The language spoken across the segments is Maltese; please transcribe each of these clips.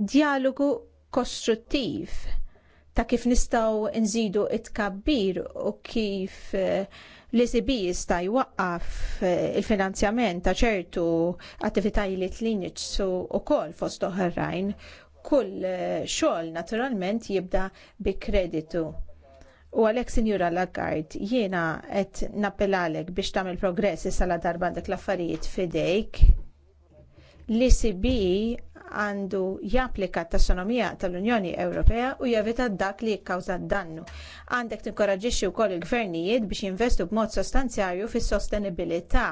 dialogu kostruttiv ta' kif nistgħu nżidu it-kabbir u kif eh, l-ECB jista' jwaqqaf eh, il-finanzjament ta' ċertu attivitajiet li nitsu wkoll fost oħrajn kull eh, xogħol naturalment jibda bi kreditu. U għalhekk Sinjura Lagarde, jiena qed nappelalek biex tagħmel progress issa la darba għandek l-affarijiet fidejk l-ECB e għandu japplika t tassonomija tal-Unjoni Ewropea u javita dak li jikkawża dannu. Għandek tinkoraġixxi wkoll il-gvernijiet biex jinvestu b'mod sostanzjarju fis-sostenibilità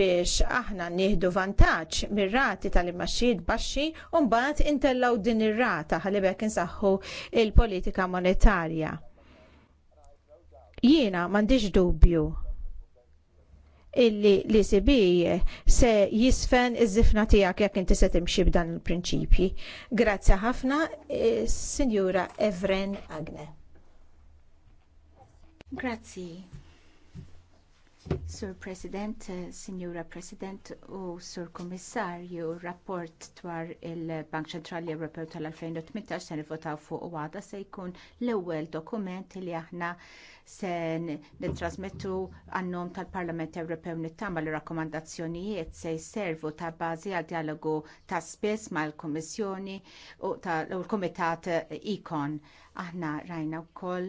biex aħna nieħdu vantaġġ mir-rati tal-immaxxijiet baxxi u mbagħad intellgħu din ir-rata ħalibek insaħħu l politika monetarja. Jiena m'għandix dubju illi l-ECB se jisfen iż zifna tiegħek jekk inti se timxi b'dan il-prinċipji. Grazzi ħafna, eh, Sinjura Evren Agne. Grazzi. Sur President, eh, Sinjura President u Sur Kommissarju, rapport dwar il-Bank Ċentrali Ewropew tal-2018 se nivotaw fuq u għada se jkun l-ewwel dokument li aħna se nittrasmettu għannom tal-Parlament Ewropew nittama li rakkomandazzjonijiet se jservu ta' bażi għal dialogu ta' spess mal-Kummissjoni u l-Kumitat ICON. Aħna rajna wkoll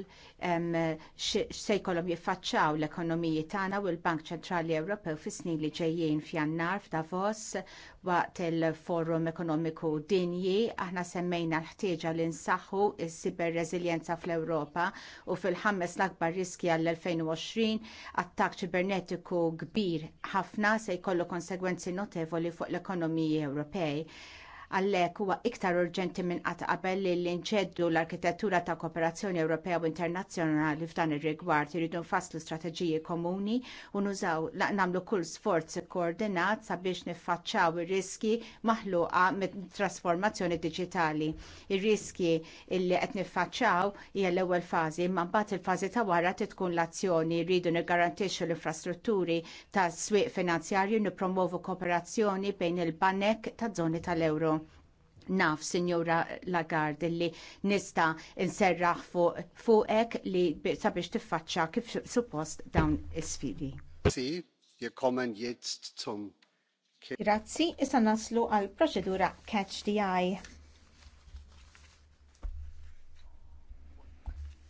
se jkollhom jiffaċċaw l-ekonomiji tagħna u l-Bank Ċentrali Ewropew fis-snin li ġejjin f'Jannar f'Davos waqt il-Forum Ekonomiku Dinji aħna semmejna l-ħtieġa li nsaħħu s-siber reżiljenza fl-Ewropa u fil-ħames l-akbar riski għall-2020 attak ċibernetiku kbir ħafna se jkollu konsegwenzi notevoli fuq l-ekonomiji Ewropej Għallek huwa iktar urġenti minn qatt qabel li l-inċeddu l-arkitettura ta' kooperazzjoni Ewropea u internazzjonali f'dan ir-rigward iridu nfasslu strateġiji komuni u nużaw nagħmlu kull sforz koordinat sabiex niffaċċaw ir-riski maħluqa mit-trasformazzjoni diġitali. Ir-riski li qed niffaċċaw hija l-ewwel fażi, imma mbagħad il-fażi ta' wara tkun l-azzjoni rridu niggarantixxu l-infrastrutturi tas swieq finanzjarju nippromovu kooperazzjoni bejn il-banek ta' żoni tal ewro naf, Sinjora Lagarde, li nista inserraħ fuq fu li sabiex tiffaċċa kif suppost dawn is-sfidi. Grazzi, issa naslu għal proċedura Catch the Eye.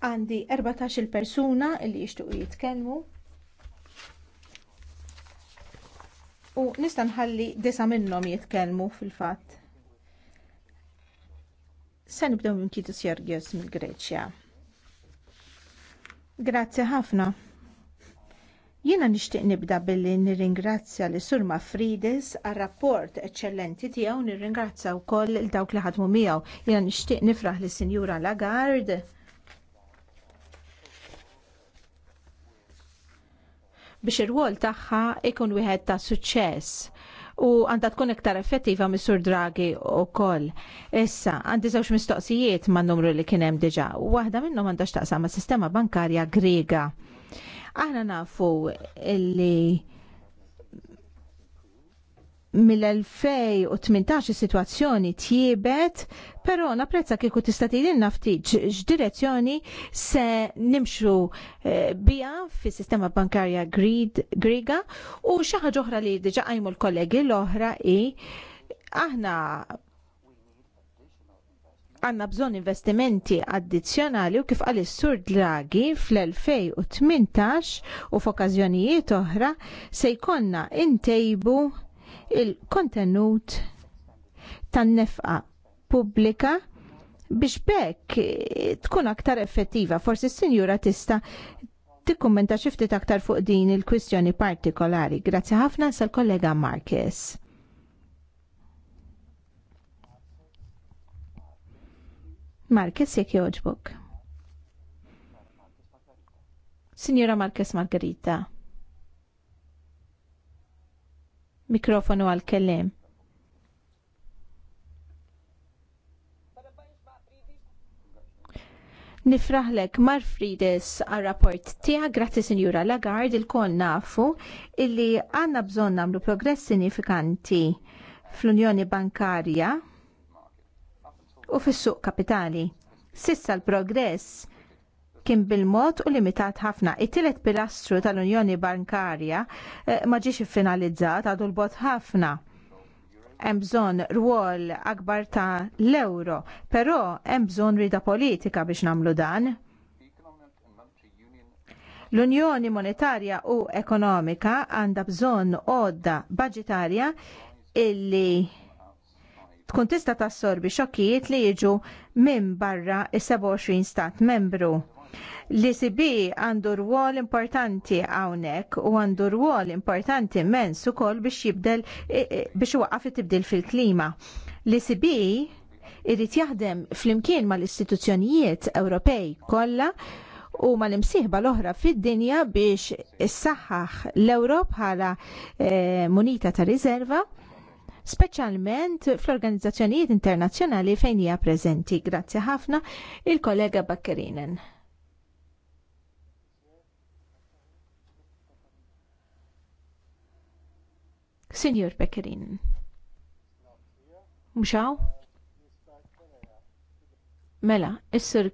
Għandi 14 persuna li jixtuqu jitkellmu. U nista' nħalli disa minnhom jitkellmu fil-fatt. Se nibdew minn Titus Jorgios mill-Greċja. Grazzi ħafna. Jiena nixtieq nibda billi nirringrazzja li Surma Fridis għar rapport eċċellenti tiegħu nirringrazzja wkoll il dawk li ħadmu miegħu. Jiena nixtieq nifraħ li Sinjura Lagarde biex ir wol tagħha ikun wieħed ta' suċċess u għandha tkun iktar effettiva Missur Draghi u koll. Issa, għandi żewġ mistoqsijiet ma' numru li kien hemm diġà. Waħda minnhom għandha x'taqsam ma' sistema bankarja Griega. Aħna nafu li mill-2018 is-sitwazzjoni tjiebet, però napprezza kieku tista' tgħidilna naftiġ x'direzzjoni se nimxu eh, biha fis-sistema bankarja Griga u xi ħaġa oħra li diġa' qajmu l-kollegi l-oħra hi aħna għanna bżon investimenti addizjonali u kif s sur Draghi fl-2018 u f'okkażjonijiet oħra se jkonna intejbu il-kontenut tan-nefqa pubblika biex bekk tkun aktar effettiva. Forsi s-sinjura tista tikkummenta xi ftit aktar fuq din il-kwistjoni partikolari. Grazzi ħafna sal-kollega Marquez. Marquez jekk jogħġbok. Sinjura Marquez Margherita. Mikrofonu għal-kellim. Nifraħlek Mar Frides għal rapport tija, grazzi Sinjura Lagarde, il-kol nafu illi għanna bżon namlu progress sinifikanti fl-Unjoni Bankarja u fis-suq kapitali. Sissa l-progress kien bil-mod u limitat ħafna. It-tielet pilastru tal-Unjoni Bankarja eh, ma ġiex iffinalizzat għadu l-bot ħafna hemm bżonn rwol akbar ta' l-euro, però hemm bżonn rida politika biex nagħmlu dan. L-Unjoni Monetarja u Ekonomika għandha bżonn odda budgetarja illi tkun tista' tassorbi xokkijiet li jiġu minn barra is-27 stat membru L-ECB għandu rwol importanti hawnhekk u għandu rwol importanti mens ukoll biex jibdel e, e, biex waqaf tibdil fil-klima. L-ECB irrid jaħdem flimkien mal-istituzzjonijiet Ewropej kollha u l imsieħba l-oħra fid-dinja biex issaħħaħ l ewrop bħala e, munita ta' riserva speċjalment fl-organizzazzjonijiet internazzjonali fejn hija preżenti. Grazzi ħafna il-kollega Bakkerinen. Sinjur Pekerin. Mxaw? Mela, is-sur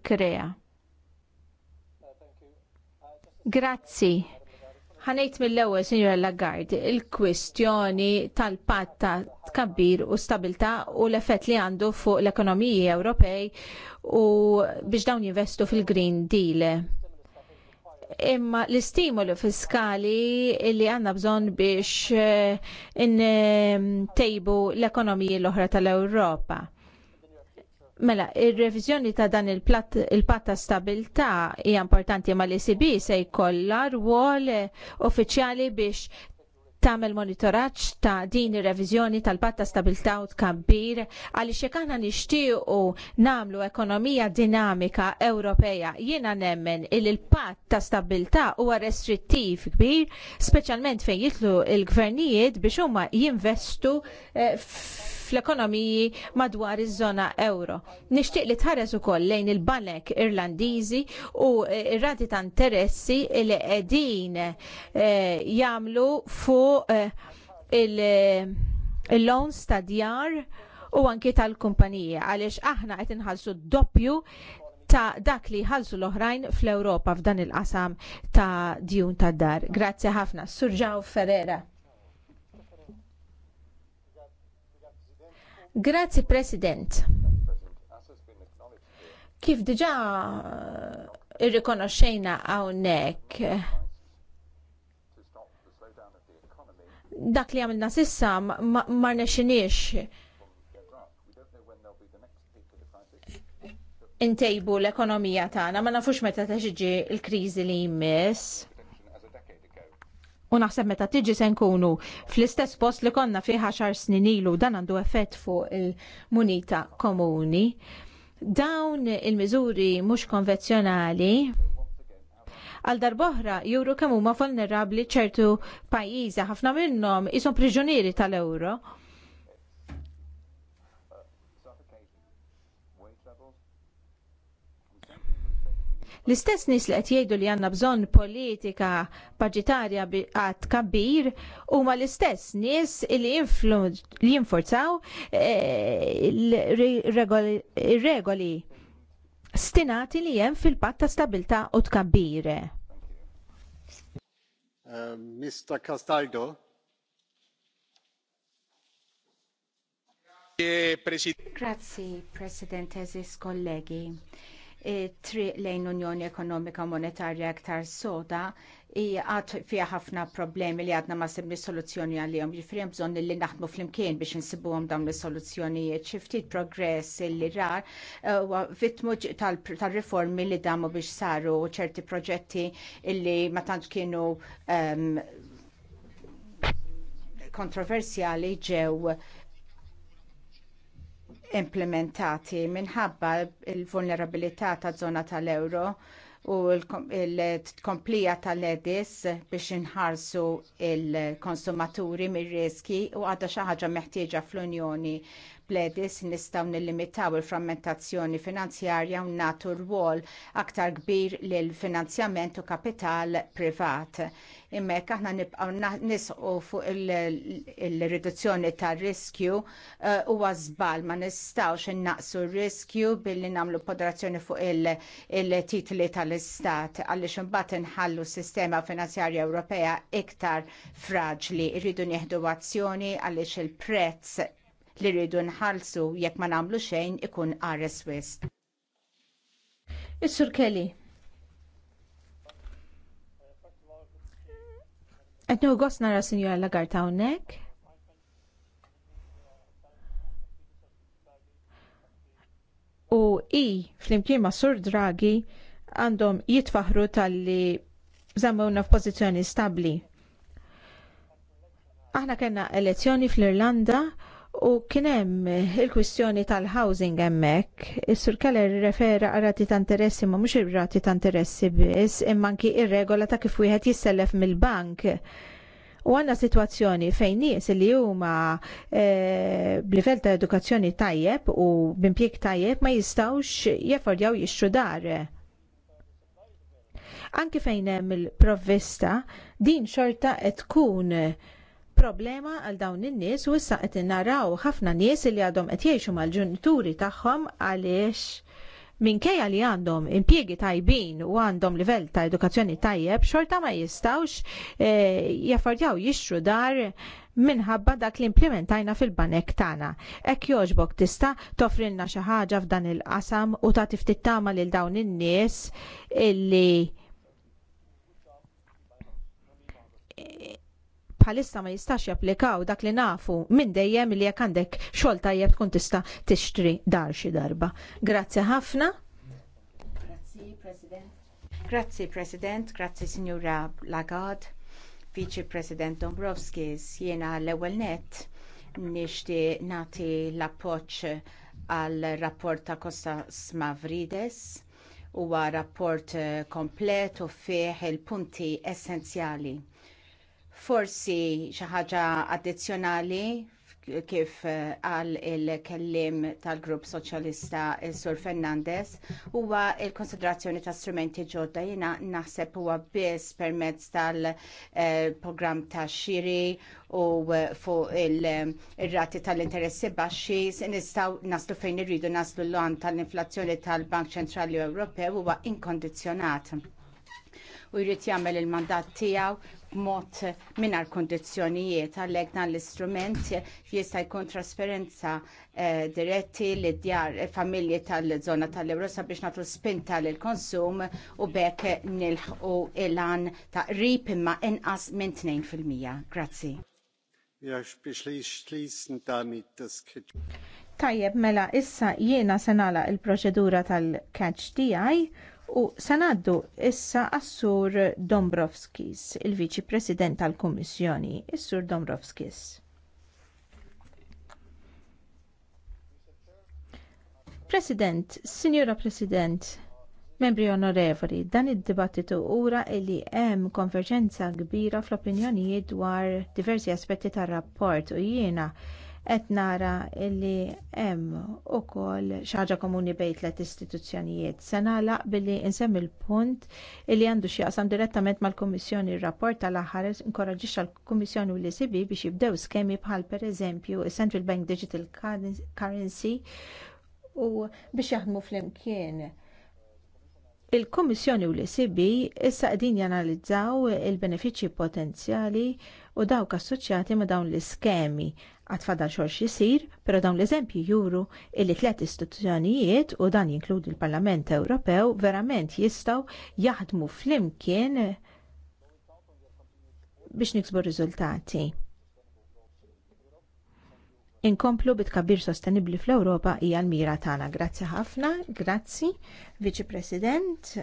Grazzi. Ħanejt mill-ewwel, Sinjora Lagarde, il-kwistjoni tal-patt ta' tkabbir u stabilta u l-effett li għandu fuq l-ekonomiji Ewropej u biex dawn jinvestu fil-Green Deal imma l-istimolu fiskali li għanna bżon biex eh, eh, tejbu l-ekonomiji l-oħra tal-Ewropa. Mela, il-revizjoni ta' dan il pat il stabilta hija importanti ma l-ECB se jkollha rwol eh, uffiċjali biex tagħmel monitoraġġ ta' din ir-reviżjoni tal-patt ta' stabilità u tkabbir għaliex jekk aħna nixtiequ nagħmlu ekonomija dinamika Ewropea jiena nemmen il il-patt ta' stabilità huwa restrittiv kbir, speċjalment fejn jitlu l-gvernijiet biex huma jinvestu eh, fl-ekonomiji madwar iż-żona euro. Nixtieq li tħares ukoll lejn il-banek Irlandiżi u rati ta' interessi li qegħdin eh, jagħmlu fuq eh, eh, il-loans ta' djar u anki tal-kumpanija għaliex aħna qed inħallsu doppju ta' dak li ħalsu l-oħrajn fl-Ewropa f'dan il-qasam ta' djun ta' dar. Grazzi ħafna. Surġaw Ferrera. Grazzi President. Kif diġa eh, irrikonoxxejna hawnhekk dak li għamilna sissa ma nexinix intejbu l-ekonomija tagħna ma nafux meta teġiġi l-kriżi li jmiss. U naħseb meta tiġi se nkunu fl-istess post li konna fi ħaxar snin ilu dan għandu effett fuq il-munita komuni. Dawn il-miżuri mhux konvenzjonali għal darboħra juru kemm huma vulnerabbli ċertu pajjiżi ħafna minnhom ishom priġunieri tal-ewro. L-istess nies li qed jgħidu li għandna bżonn politika paġitarja għad kabbir huma l-istess nies li jinforzaw eh, regoli stinati li hemm fil-patt ta' stabilità u tkabbir. Mr. Um, Castaldo. Grazie, President, Zis kollegi triq lejn Unjoni Ekonomika Monetarja aktar soda għad fija ħafna problemi li għadna ma sebni soluzzjoni għalihom. Ġifieri hemm bżon li naħdmu flimkien biex insibuhom dawn is-soluzzjonijiet. Xi ftit progress li rar huwa vittmu tal-riformi li damu biex saru ċerti proġetti li ma tantx kienu ehm, kontroversjali ġew implementati minħabba il-vulnerabilità ta' zona tal-euro u l-komplija tal-edis biex inħarsu il-konsumaturi mir riski u għadda xi ħaġa meħtieġa fl-Unjoni bledis nistgħu nillimitaw il-frammentazzjoni finanzjarja u nagħtu rwol aktar kbir lil finanzjament u kapital privat. Immek aħna nibqgħu nisqu fuq il-riduzzjoni tar riskju eh, huwa żball ma nistgħux innaqsu r-riskju billi nagħmlu podrazzjoni fuq il-titli tal-istat għaliex imbagħad inħallu s sistema finanzjarja Ewropea iktar fraġli. Irridu nieħdu azzjoni għaliex il-prezz li rridu nħallsu jekk ma nagħmlu xejn ikun qares wisq. Is-Sur Kelly. Għetnu għos nara Sinjora Lagarta hawnhekk. u i flimkien ma' Sur Draghi għandhom jitfaħru tal-li f f'pożizzjoni stabbli. Aħna kellna elezzjoni fl-Irlanda U kienem il-kwistjoni tal-housing emmek, Sur Keller refera għarati ta' interessi ma' mux irrati ta' interessi bis, immanki ir-regola ta' kif wieħed jissellef mill-bank. U għanna situazzjoni fejn nies li huma e, b'livell ta' edukazzjoni tajjeb u b'impjieg tajjeb ma jistawx jeffordjaw jixtru dar. Anki fejn hemm il-provvista, din xorta qed tkun problema għal dawn in-nies u issa qed naraw ħafna nies li għadhom qed jgħixu mal-ġunituri tagħhom għaliex minkejja li għandhom impjiegi tajbin u għandhom livell ta' edukazzjoni tajjeb, xorta ma jistawx e, jaffordjaw jixtru dar minħabba dak li implementajna fil-banek tagħna. Hekk jogħġbok tista' tofrilna xi ħaġa f'dan il-qasam u ta' tiftit tama lil dawn in-nies illi bħalissa ma jistax japplikaw dak li nafu minn dejjem li jekk għandek xogħol tajjeb tkun tista' tixtri dar xi darba. Grazzi ħafna. Grazzi President. Grazzi President, grazzi Signora Lagarde, Vice President Dombrovskis, jiena l-ewwel net nixtieq nagħti l-appoġġ għal rapport ta' Kosta Smavrides huwa rapport eh, komplet u fih il-punti essenzjali Forsi xi ħaġa addizzjonali kif għal il-kellim tal-grupp soċjalista Sur Fernandez huwa il-konsiderazzjoni ta' strumenti ġodda jina naħseb huwa biss permezz tal-programm ta' xiri u fuq il-rati tal-interessi baxxi nistgħu naslu fejn irridu naslu l-għan tal-inflazzjoni tal-Bank Ċentrali Ewropew huwa inkondizzjonat u jrid jagħmel il-mandat tiegħu b'mod mingħajr kundizzjonijiet għalhekk dan l-istrument jista' jkun trasferenza eh, diretti li djar familji tal-żona tal-Ewrosa biex nagħtu spinta lil konsum u bekk nilħqu ilan ta' qrib imma inqas minn 2%. Grazzi. Tajjeb, mela issa jiena se nagħlaq il-proċedura tal-catch DI U sanaddu issa għas-Sur Dombrovskis, il-Viċi President tal kummissjoni is-Sur Dombrovskis. President, Signora President, Membri onorevoli, dan id-dibattitu ura li hemm konverġenza kbira fl-opinjonijiet dwar diversi aspetti tar-rapport u jiena qed nara li hemm ukoll xi ħaġa komuni bejn tliet istituzzjonijiet. Se nagħlaq billi insemmi l-punt li għandu x'jaqsam direttament mal-Kummissjoni r-rapport tal-aħħar inkoraġġixxa l-Kummissjoni u l-ECB biex jibdew skemi bħal pereżempju central Bank Digital Currency u biex jaħdmu flimkien. Il-Kummissjoni u l-ECB issa qegħdin janalizzaw il-benefiċċji potenzjali u dawk assoċjati ma' dawn l-iskemi għatfadal xorx jisir, pero dawn l-eżempji juru illi tlet istituzzjonijiet u dan jinkludi l-Parlament Ewropew verament jistaw jaħdmu flimkien biex niksbu riżultati. Inkomplu bitkabbir sostenibli fl-Ewropa hija l-mira tagħna. Grazzi ħafna, grazzi, Viċi President.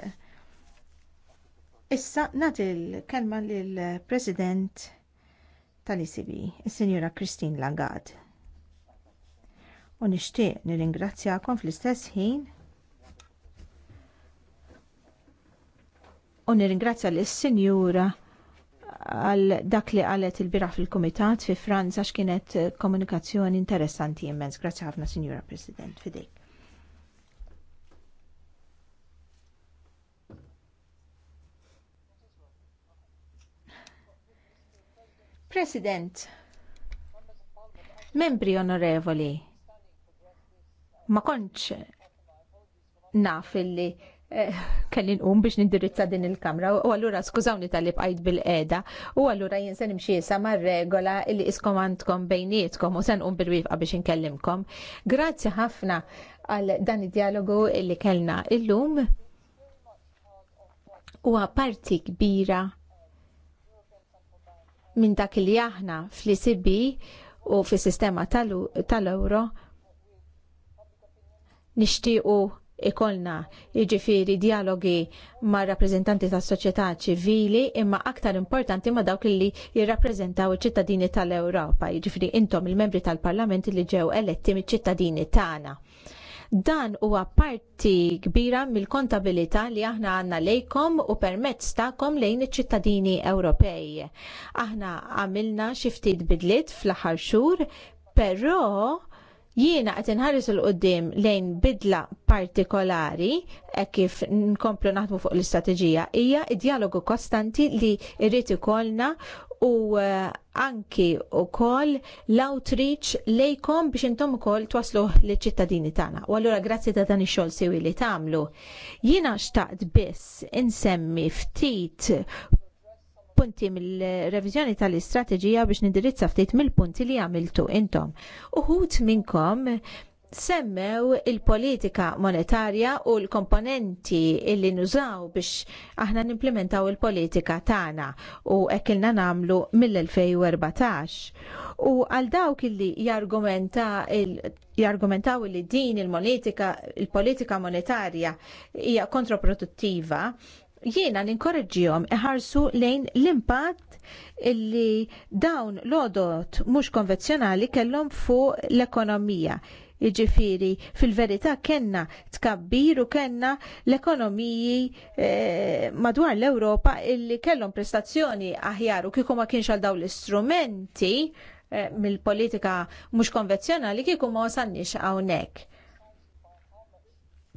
Issa nagħti l-kelma lill-President tal ecb il senjora Christine Lagarde. U nixtieq nirringrazzjakom fl-istess ħin u nirringrazzja l-Sinjura għal dak li qalet il-bira fil-Komitat fi Franza x'kienet komunikazzjoni interessanti immens. Grazzi ħafna, Sinjura President, fidejk. President, membri onorevoli, ma konċ naf illi eh, kellin un um biex nindirizza din il-kamra u għallura skużawni tal-li bqajt bil eda u għallura jinsen imxiesa ma' regola li iskomandkom bejnietkom u sen un bil biex nkellimkom. Grazzi ħafna għal dan id-dialogu li kellna illum u parti kbira minn dak li aħna fl-ICB u fis sistema tal-euro nixtiequ ikolna jiġifieri dialogi ma' rappreżentanti tas soċjetà ċivili imma aktar importanti ma' dawk li jirrappreżentaw iċ-ċittadini tal-Ewropa, jiġifieri intom il-membri tal-Parlament li ġew eletti miċ-ċittadini tagħna. Dan huwa parti kbira mill-kontabilità li aħna għandna lejkom u permezz tagħkom lejn iċ-ċittadini Ewropej. Aħna għamilna xi ftit bidliet fl-aħħar xhur, però jiena qed inħares l qudiem lejn bidla partikolari e kif nkomplu naħdmu fuq l-istrateġija hija d dialogu kostanti li rrid ikollna u eh, anki wkoll l-outreach lejkom biex intom ukoll twaslu l ċittadini tagħna. U allura grazzi ta' dan ix-xogħol siwi li tagħmlu. Jiena xtaqt biss insemmi ftit punti mill-reviżjoni tal-istrateġija biex nindirizza ftit mill-punti li għamiltu intom. Uħud minnkom semmew il-politika monetarja u l-komponenti illi nużaw biex aħna nimplementaw il-politika tagħna u ilna namlu mill-2014. U għal dawk illi jargumenta il jargumentaw li din il-politika il-politika monetarja hija kontraproduttiva, jiena ninkorreġġihom iħarsu lejn l-impatt illi dawn l-odot mhux konvenzjonali kellhom fuq l-ekonomija. Jiġifieri fil-verità kellna tkabbir u kellna l-ekonomiji eh, madwar l-Ewropa illi kellhom prestazzjoni aħjar u kieku ma kienx għal dawn l-istrumenti eh, mill-politika mhux konvenzjonali kieku ma wasalniex hawnhekk.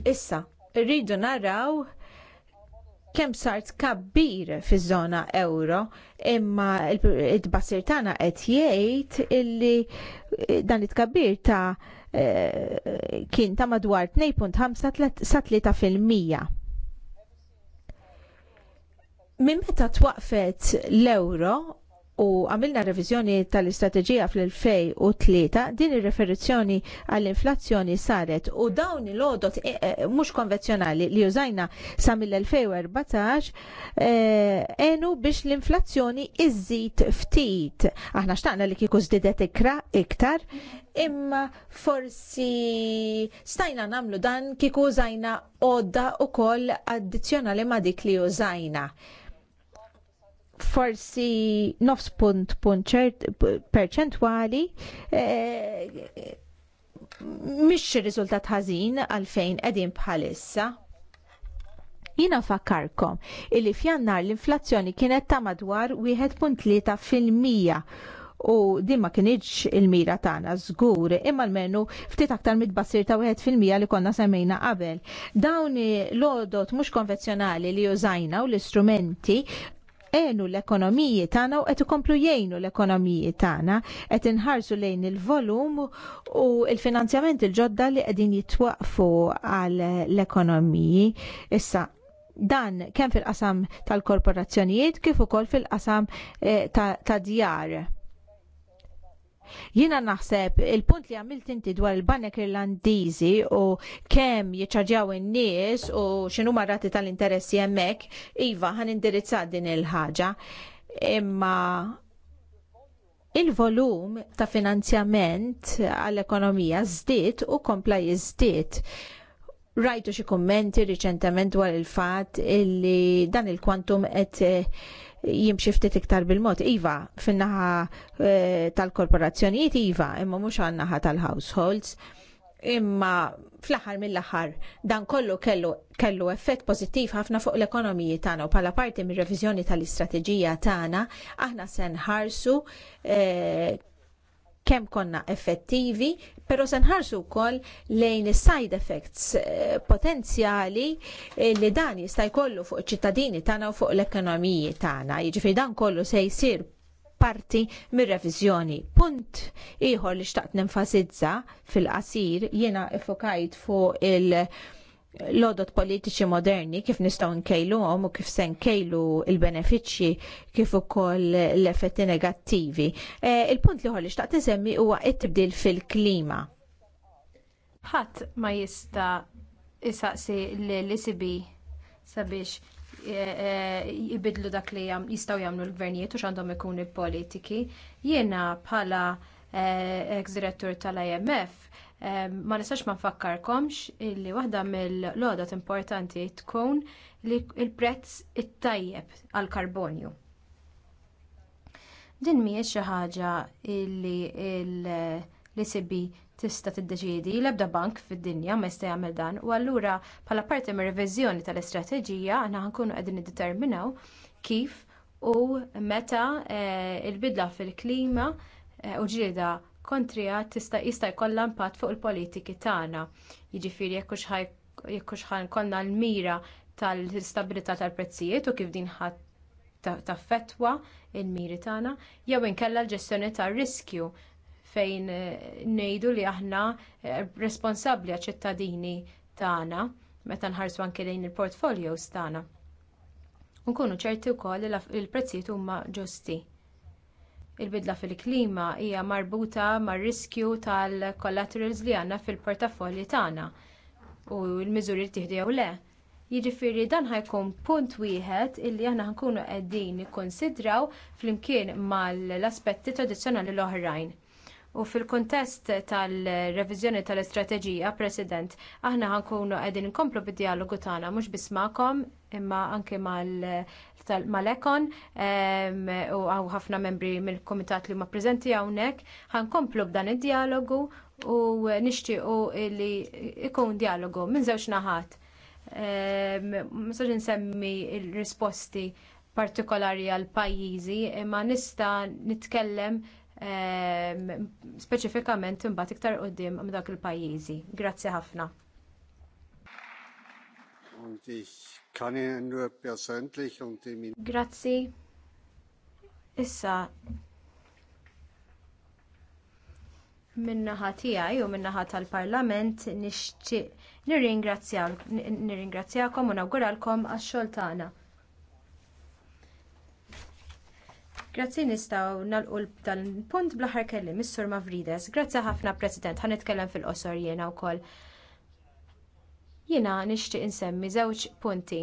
Issa, rridu naraw kemm sart kabbir fiż-żona euro imma il-basir tagħna qed jgħid illi eh, dan it-kabbir ta' Eh, kien ta' madwar 2.5 sa 3%. Min meta twaqfet l-euro u għamilna reviżjoni tal-istrateġija fl-2003 din ir-referizzjoni għall-inflazzjoni saret u dawn il-odot e, e, mhux konvenzjonali li użajna sa mill-2014 e, enu biex l-inflazzjoni iżżid ftit. Aħna xtaqna li kieku żdidet ikra iktar imma forsi stajna namlu dan kieku użajna odda u koll addizjonali ma dik li użajna forsi nofs punt punt perċentwali mish eh, riżultat ħażin għalfejn qegħdin bħalissa. Jina fakkarkom illi f'jannar l-inflazzjoni kienet ta' madwar 1.3 fil-mija u din ma kienieċ il-mira tagħna żgur, imma l-menu ftit aktar mid-basir ta' wieħed fil-mija li konna semmejna qabel. Dawn l-odot mhux konvenzjonali li użajna u l-istrumenti enu l-ekonomiji tagħna u qed ikomplu jgħinu l-ekonomiji tagħna qed inħarsu lejn il-volum u l-finanzjament il-ġodda li qegħdin jitwaqfu għal l-ekonomiji. Issa dan kemm fil-qasam tal-korporazzjonijiet kif ukoll fil-qasam eh, ta', ta djar Jina naħseb il-punt li għamilt inti dwar il-banek irlandiżi u kemm jiċċaġġjaw in-nies u xinu marrati tal-interessi hemmhekk, iva ħan indirizza din il-ħaġa. Imma il-volum ta' finanzjament għall-ekonomija żdied u kompla jiżdied. Rajtu xi kummenti riċentement dwar il-fatt illi dan il-kwantum qed jimxi ftit iktar bil-mod. Iva, fin-naħa eh, tal-korporazzjonijiet, iva, imma mhux għan-naħa tal-households. Imma fl-aħħar mill-aħħar dan kollu kellu kellu effett pozittiv ħafna fuq l-ekonomiji tagħna u bħala parti mir-reviżjoni tal-istrateġija tagħna aħna se nħarsu eh, kemm konna effettivi, però se nħarsu wkoll lejn is-side effects eh, potenzjali eh, li dan jista' jkollu fuq ċittadini tagħna u fuq l-ekonomiji tagħna. Jiġifieri dan kollu se jsir parti mir-reviżjoni. Punt ieħor li xtaqt nenfasizza fil-qasir jiena ifokajt fuq il- l-odot politiċi moderni kif nistaw nkejlu u kif se kejlu il-benefiċċji kif ukoll l-effetti negattivi. E, Il-punt li ħolli xtaqt isemmi huwa it-tibdil fil-klima. Ħadd ma jista' isaqsi l-ICB sabiex e, e, jibidlu dak li jistgħu jagħmlu l-gvernijiet u x'għandhom ikunu l-politiki. Jiena bħala e, ex-direttur tal-IMF ma nistax ma nfakkarkomx illi waħda mill-lodot importanti tkun li il-prezz it-tajjeb għal-karbonju. Din mhijiex xi ħaġa li l-ECB tista' tiddeċiedi l-ebda bank fid-dinja ma jista' jagħmel dan u allura bħala parti mir reviżjoni tal-istrateġija aħna nkunu qegħdin niddeterminaw kif u meta eh, l bidla fil-klima eh, u ġieda kontrija tista' jista' jkollha impatt fuq il-politiki tagħna. Jiġifieri jekk hux ħankollna l-mira tal-istabilità tal-prezzijiet u kif din ħadd taffettwa l il-miri tagħna, jew inkella l-ġestjoni tar-riskju fejn eh, ngħidu li aħna eh, responsabbli għaċ-ċittadini tagħna meta nħarsu anke lejn il-portfolios tagħna. Nkunu ċerti wkoll li l-prezzijiet huma ġusti. Il-bidla fil-klima hija marbuta mar-riskju tal-collaterals li għandna fil-portafolli tagħna u l-miżuri li tieħdew le. Jiġifieri dan ħajkun punt wieħed illi aħna nkunu qegħdin nikkonsidraw flimkien mal-aspetti tradizzjonali l-oħrajn. U fil-kontest tal-reviżjoni tal-istrateġija, President, aħna ħankunu qegħdin inkomplu bid-dialogu tagħna mhux biss magħkom imma anke mal-ekon u għaw ħafna membri mill kumitat li huma preżenti hawnhekk, ħankomplu b'dan id-dialogu u nixtiequ li ikun dialogu minn żewġ naħat. Mistax nsemmi il-risposti partikolari għal pajjiżi imma nista' nitkellem speċifikament imbagħad iktar qudiem minn dak il-pajjiżi. Grazzi ħafna. Grazzi. Issa minnaħa tiegħi u minnaħa tal-Parlament nixċi nirringrazzjakom u nawguralkom għax-xogħol tagħna. Grazzi nistgħu qul tal punt bl-aħħar Mr. Missur Mavrides. Grazzi ħafna President, ħanitkellem fil-qosor jiena wkoll. Jiena nixtieq insemmi żewġ punti.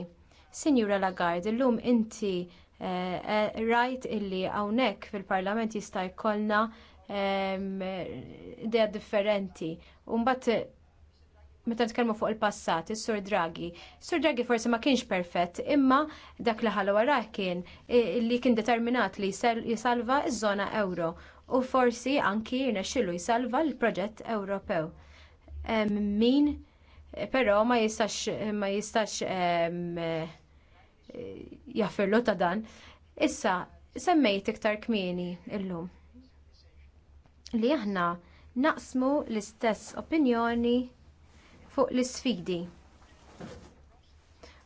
Sinjura Lagarde, illum inti eh, eh, rajt illi hawnhekk fil-Parlament jista' jkollna ehm, idea differenti. U mbagħad meta nitkellmu fuq il-passat, is-Sur Draghi. Sur Draghi forsi ma kienx perfett, imma dak li ħalla warah kien li kien determinat li jisalva iż-żona euro u forsi anki jirnexxilu jisalva l-proġett Ewropew. Min però ma jistax ma jistax eh, jaffirlu ta' dan. Issa, semmejt iktar kmieni illum li aħna naqsmu l-istess opinjoni fuq l isfidi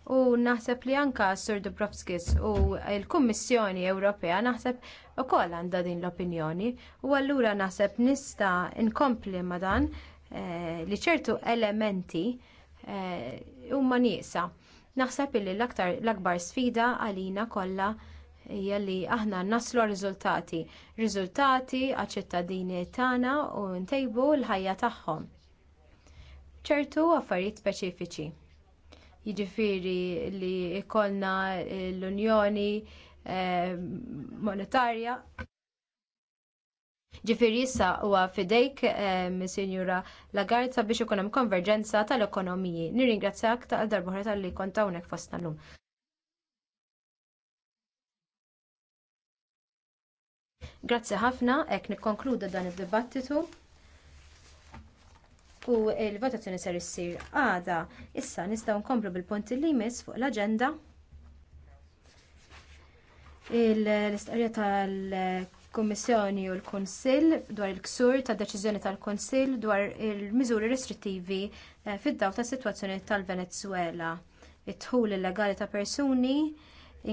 U naħseb li anka Sur Dubrovskis u l-Kummissjoni Ewropea naħseb ukoll għandha din l-opinjoni u allura naħseb nista' nkompli ma' dan Eh, li ċertu elementi eh, huma nieqsa. Naħseb li l-aktar l-akbar sfida għalina kollha hija li aħna naslu riżultati, riżultati għaċ-ċittadini tagħna u ntejbu l-ħajja tagħhom. ċertu affarijiet speċifiċi. Jiġifieri li jkollna l-Unjoni eh, Monetarja Ġifieri issa huwa fidejk, eh, Sinjura Lagarza biex ikun hemm konverġenza tal-ekonomiji. Nirringrazzjak ta' darbuħra tal-li kont hawnhekk fostna lum. Grazzi ħafna, hekk nikkonkluda dan id-dibattitu. U l-votazzjoni ser issir għada. Issa nistgħu nkomplu bil punti li jmiss fuq l-aġenda. il istqarrija tal il-Kummissjoni u l-Kunsill dwar il-ksur ta' deċiżjoni tal-Kunsill dwar il-miżuri restrittivi eh, fid-daw ta' sitwazzjoni tal-Venezuela. It-tħul illegali ta' persuni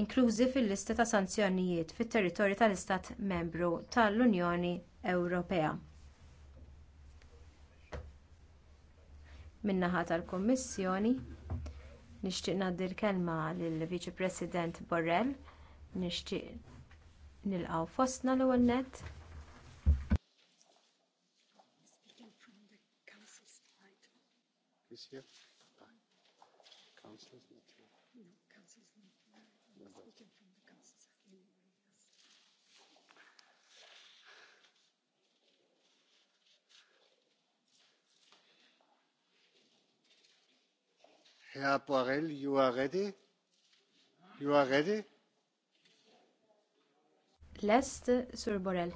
inklużi fil-lista ta' sanzjonijiet fit-territorju tal-Istat membru tal-Unjoni Ewropea. Min-naħa tal-Kummissjoni nixtieq ngħaddi l-kelma lill-Viċi President Borrell nixtieq nilqaw fostna l-ewwel nett. Herr Borrell, you are ready? You are ready? lest Sur Borrell.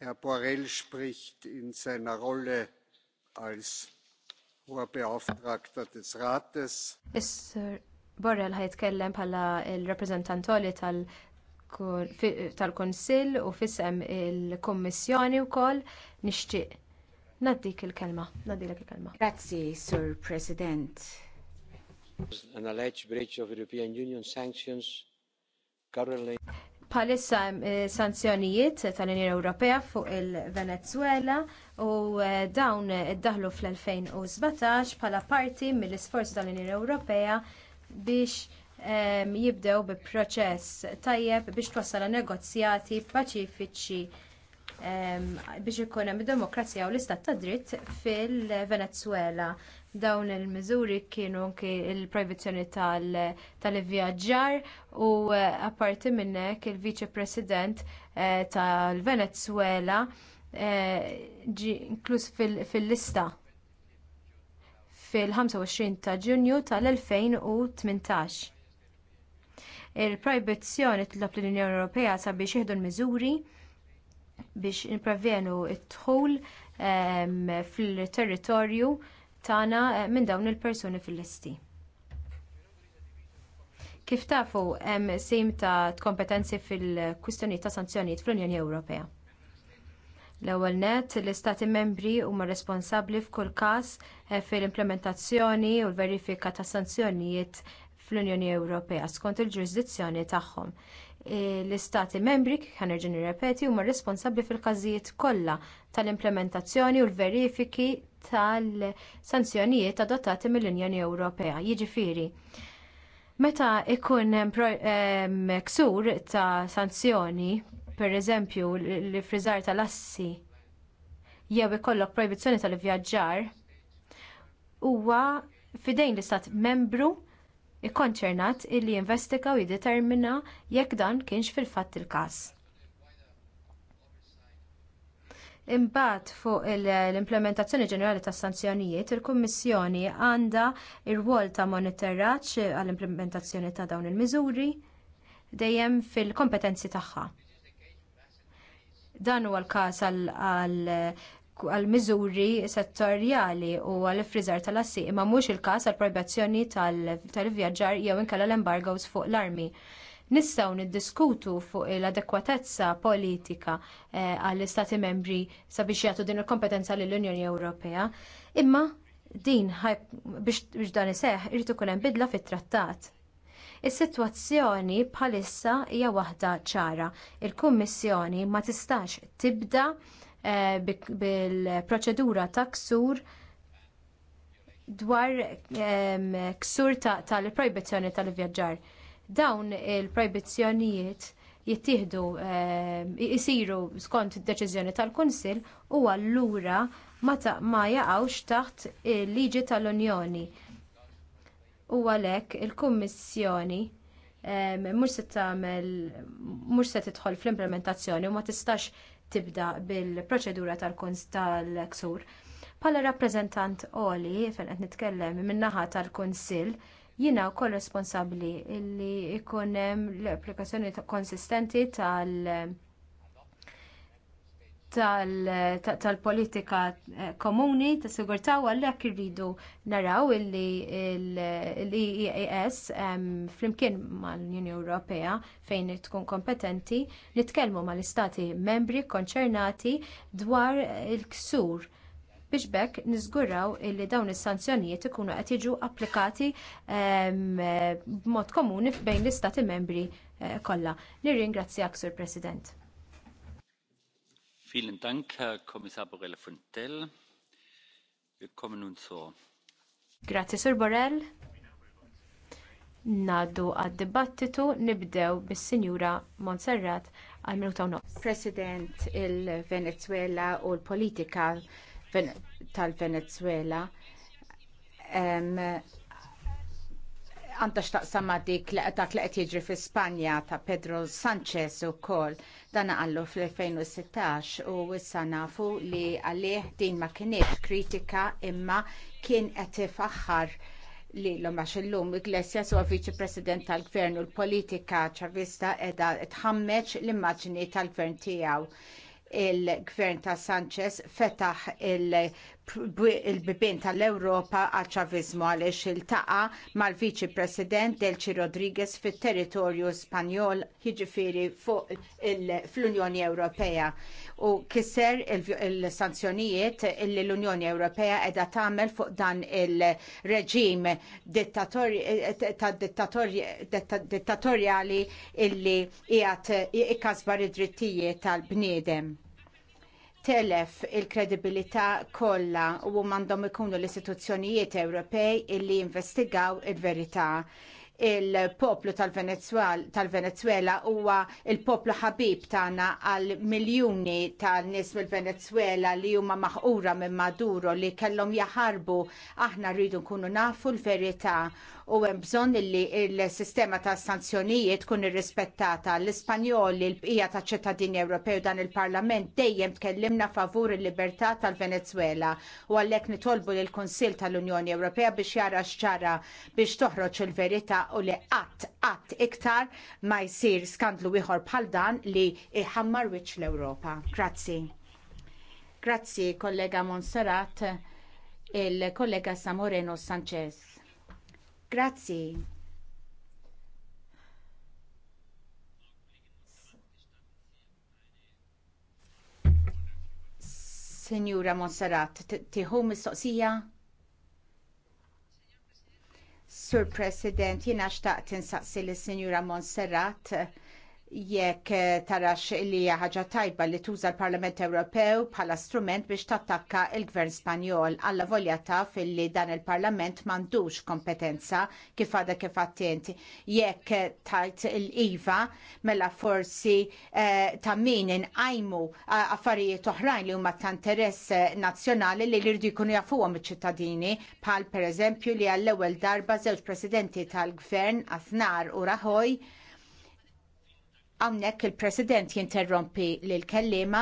Herr Borrell spricht in seiner Rolle als Hoher Beauftragter des Rates. Is-Sir Borrell ħajtkellem bħala il-rappresentantoli tal- tal Konsil u fisem il u wkoll nixtieq Naddik il-kelma, naddilek il-kelma. Grazzi, Sur President. An alleged breach of European Union sanctions currently palissa eh, sanzjonijiet tal-Unjoni Ewropea fuq il-Venezuela u eh, dawn eh, id-daħlu fl-2017 bħala parti mill-isforz tal-Unjoni Ewropea biex ehm, jibdew bi proċess tajjeb biex twassala negozjati paċifiċi biex ikun hemm demokrazija u l-istat ta' dritt fil-Venezuela. Dawn il-miżuri kienu anki l-proibizzjoni tal-ivvjaġġar u eh, apparti minn hekk il-Viċi President eh, tal-Venezuela eh, ġi inkluż fil-lista fil-25 ta' Ġunju tal-2018. Il-proibizzjoni titlob lill unjoni Ewropea sabiex jieħdu l-miżuri biex niprevenu t dħul fil-territorju tagħna eh, minn dawn il-persuni fil-listi. Kif tafu hemm sejm ta' kompetenzi fil-kwistjonijiet ta' sanzjonijiet fl-Unjoni Ewropea. L-ewwel nett, l-istati membri huma responsabbli f'kull każ eh, fil-implementazzjoni u l-verifika ta' sanzjonijiet fl-Unjoni Ewropea skont il-ġurisdizzjoni tagħhom. Eh, l-istati membri, kħan irġin nirrepeti, huma responsabbli fil-każijiet kollha tal-implementazzjoni u l-verifiki tal-sanzjonijiet adottati mill-Unjoni Ewropea. Jiġifieri, meta ikun ksur ta' sanzjoni, pereżempju l-friżar tal-assi jew ikollok projbizzjoni tal-vjaġġar, huwa fidejn l-istat membru ikkonċernat illi jinvestiga u jiddetermina jekk dan kienx fil-fatt il-każ. Imbagħad fuq l-implementazzjoni ġenerali tas sanzjonijiet, il-Kummissjoni għandha r-wol ta' monitoraġġ għall-implementazzjoni ta' dawn il-miżuri dejjem fil-kompetenzi tagħha dan huwa l-każ għal għal miżuri settorjali u għal friżar tal-assi imma mhux il-każ għal probazzjoni tal-vjaġġar jew inkella l-embargoes fuq l-armi. Nistgħu niddiskutu fuq l-adekwatezza politika eh, għall istati membri sabiex jagħtu din il-kompetenza lill unjoni Ewropea, imma din biex dan iseħħ irid ikun hemm bidla fit-trattat. Is-sitwazzjoni bħalissa hija waħda ċara. Il-Kummissjoni ma tistax tibda Eh, bil-proċedura ta' ksur dwar ksur tal-projbizzjoni tal-vjaġġar. Dawn il-projbizzjonijiet jittieħdu jisiru skont id-deċiżjoni tal-Kunsill u allura ma jaqgħux taħt il-liġi tal-Unjoni. U għalhekk il-Kummissjoni mhux se tagħmel mhux se tidħol fl-implementazzjoni u ma tistax tibda bil-proċedura tal-ksur. tal Bħala rappreżentant oli, fejn qed nitkellem min-naħa tal-Kunsill, jiena wkoll responsabbli li jkun hemm l-applikazzjoni konsistenti tal- tal-politika eh, komuni ta' sigurtà u għalhekk irridu naraw illi l eas e flimkien mal-Unjoni Ewropea fejn tkun kompetenti nitkellmu mal-istati membri konċernati dwar il-ksur biex bekk niżguraw illi dawn is-sanzjonijiet ikunu qed jiġu applikati b'mod komuni bejn l-istati membri eh, kollha. Nirringrazzjak, Sur President. Vielen Dank, Herr Kommissar Borrell Fontell. Wir kommen nun zur. Grazie, Sir Borrell. Nadu għad-dibattitu nibdew bis-Sinjura Monserrat għal minuta u President il-Venezuela u l-politika tal-Venezuela għanta xtaqsama dik dak li qed jiġri fi Spanja ta' Pedro Sanchez ukoll dana għallu fl-2016 u issa nafu li għalih din ma kienieċ kritika imma kien qed ifaħħar li l-omax l-lum Iglesias huwa viċi president tal-gvern u l-politika ċavista edha tħammeċ l-immaġni tal-gvern tiegħu il-gvern ta' Sanchez fetaħ il il-bibin tal-Europa għal-ċavizmu għaliex il-taqa mal-Viċi President Delci Rodriguez fit-territorju Spanjol jiġifieri fuq fl-Unjoni Ewropea u kisser il-sanzjonijiet illi l-Unjoni Ewropea edha tagħmel fuq dan il-reġim dittatorjali eh, illi qiegħed ikkasbar id-drittijiet tal-bniedem telef il-kredibilità kollha u mandom ikunu l-istituzzjonijiet Ewropej illi investigaw il-verità. Il-poplu tal-Venezuela huwa il-poplu ħabib tagħna għal miljuni ta' nies mill-Venezuela li huma maħqura minn Maduro li kellhom jaħarbu aħna rridu nkunu nafu l-verità u hemm bżonn li l-sistema ta' sanzjonijiet tkun irrispettata. L-Ispanjoli l-bqija ta' ċittadini Ewropew dan il-Parlament dejjem tkellimna favur il-libertà tal-Venezuela u għalhekk nitolbu lil kunsill tal-Unjoni Ewropea biex jara xċara biex toħroġ il-verità u li qatt qatt iktar ma jsir skandlu ieħor bħal dan li iħammar wiċċ l-Ewropa. Grazzi. Grazzi kollega Monserrat il-kollega Samoreno Sanchez. Grazzi. Senjura Monserrat, tiħu mistoqsija? Sur President, jina xtaqt insaqsi li Senjura Monserrat jekk eh, tarax li hija ħaġa tajba li tuża l-Parlament Ewropew bħala strument biex tattakka il-Gvern Spanjol alla volja taf li dan il-Parlament m'għandux kompetenza kif għadha kif attenti. Jekk eh, tajt il-IVA mela forsi eh, ta' min inqajmu affarijiet oħrajn li huma ta' interess nazzjonali li jridu jkunu jafuhom iċ-ċittadini bħal pereżempju li għall-ewwel darba żewġ presidenti tal-Gvern Aznar u Rajoy Għamnek il-President jinterrompi l-kellima.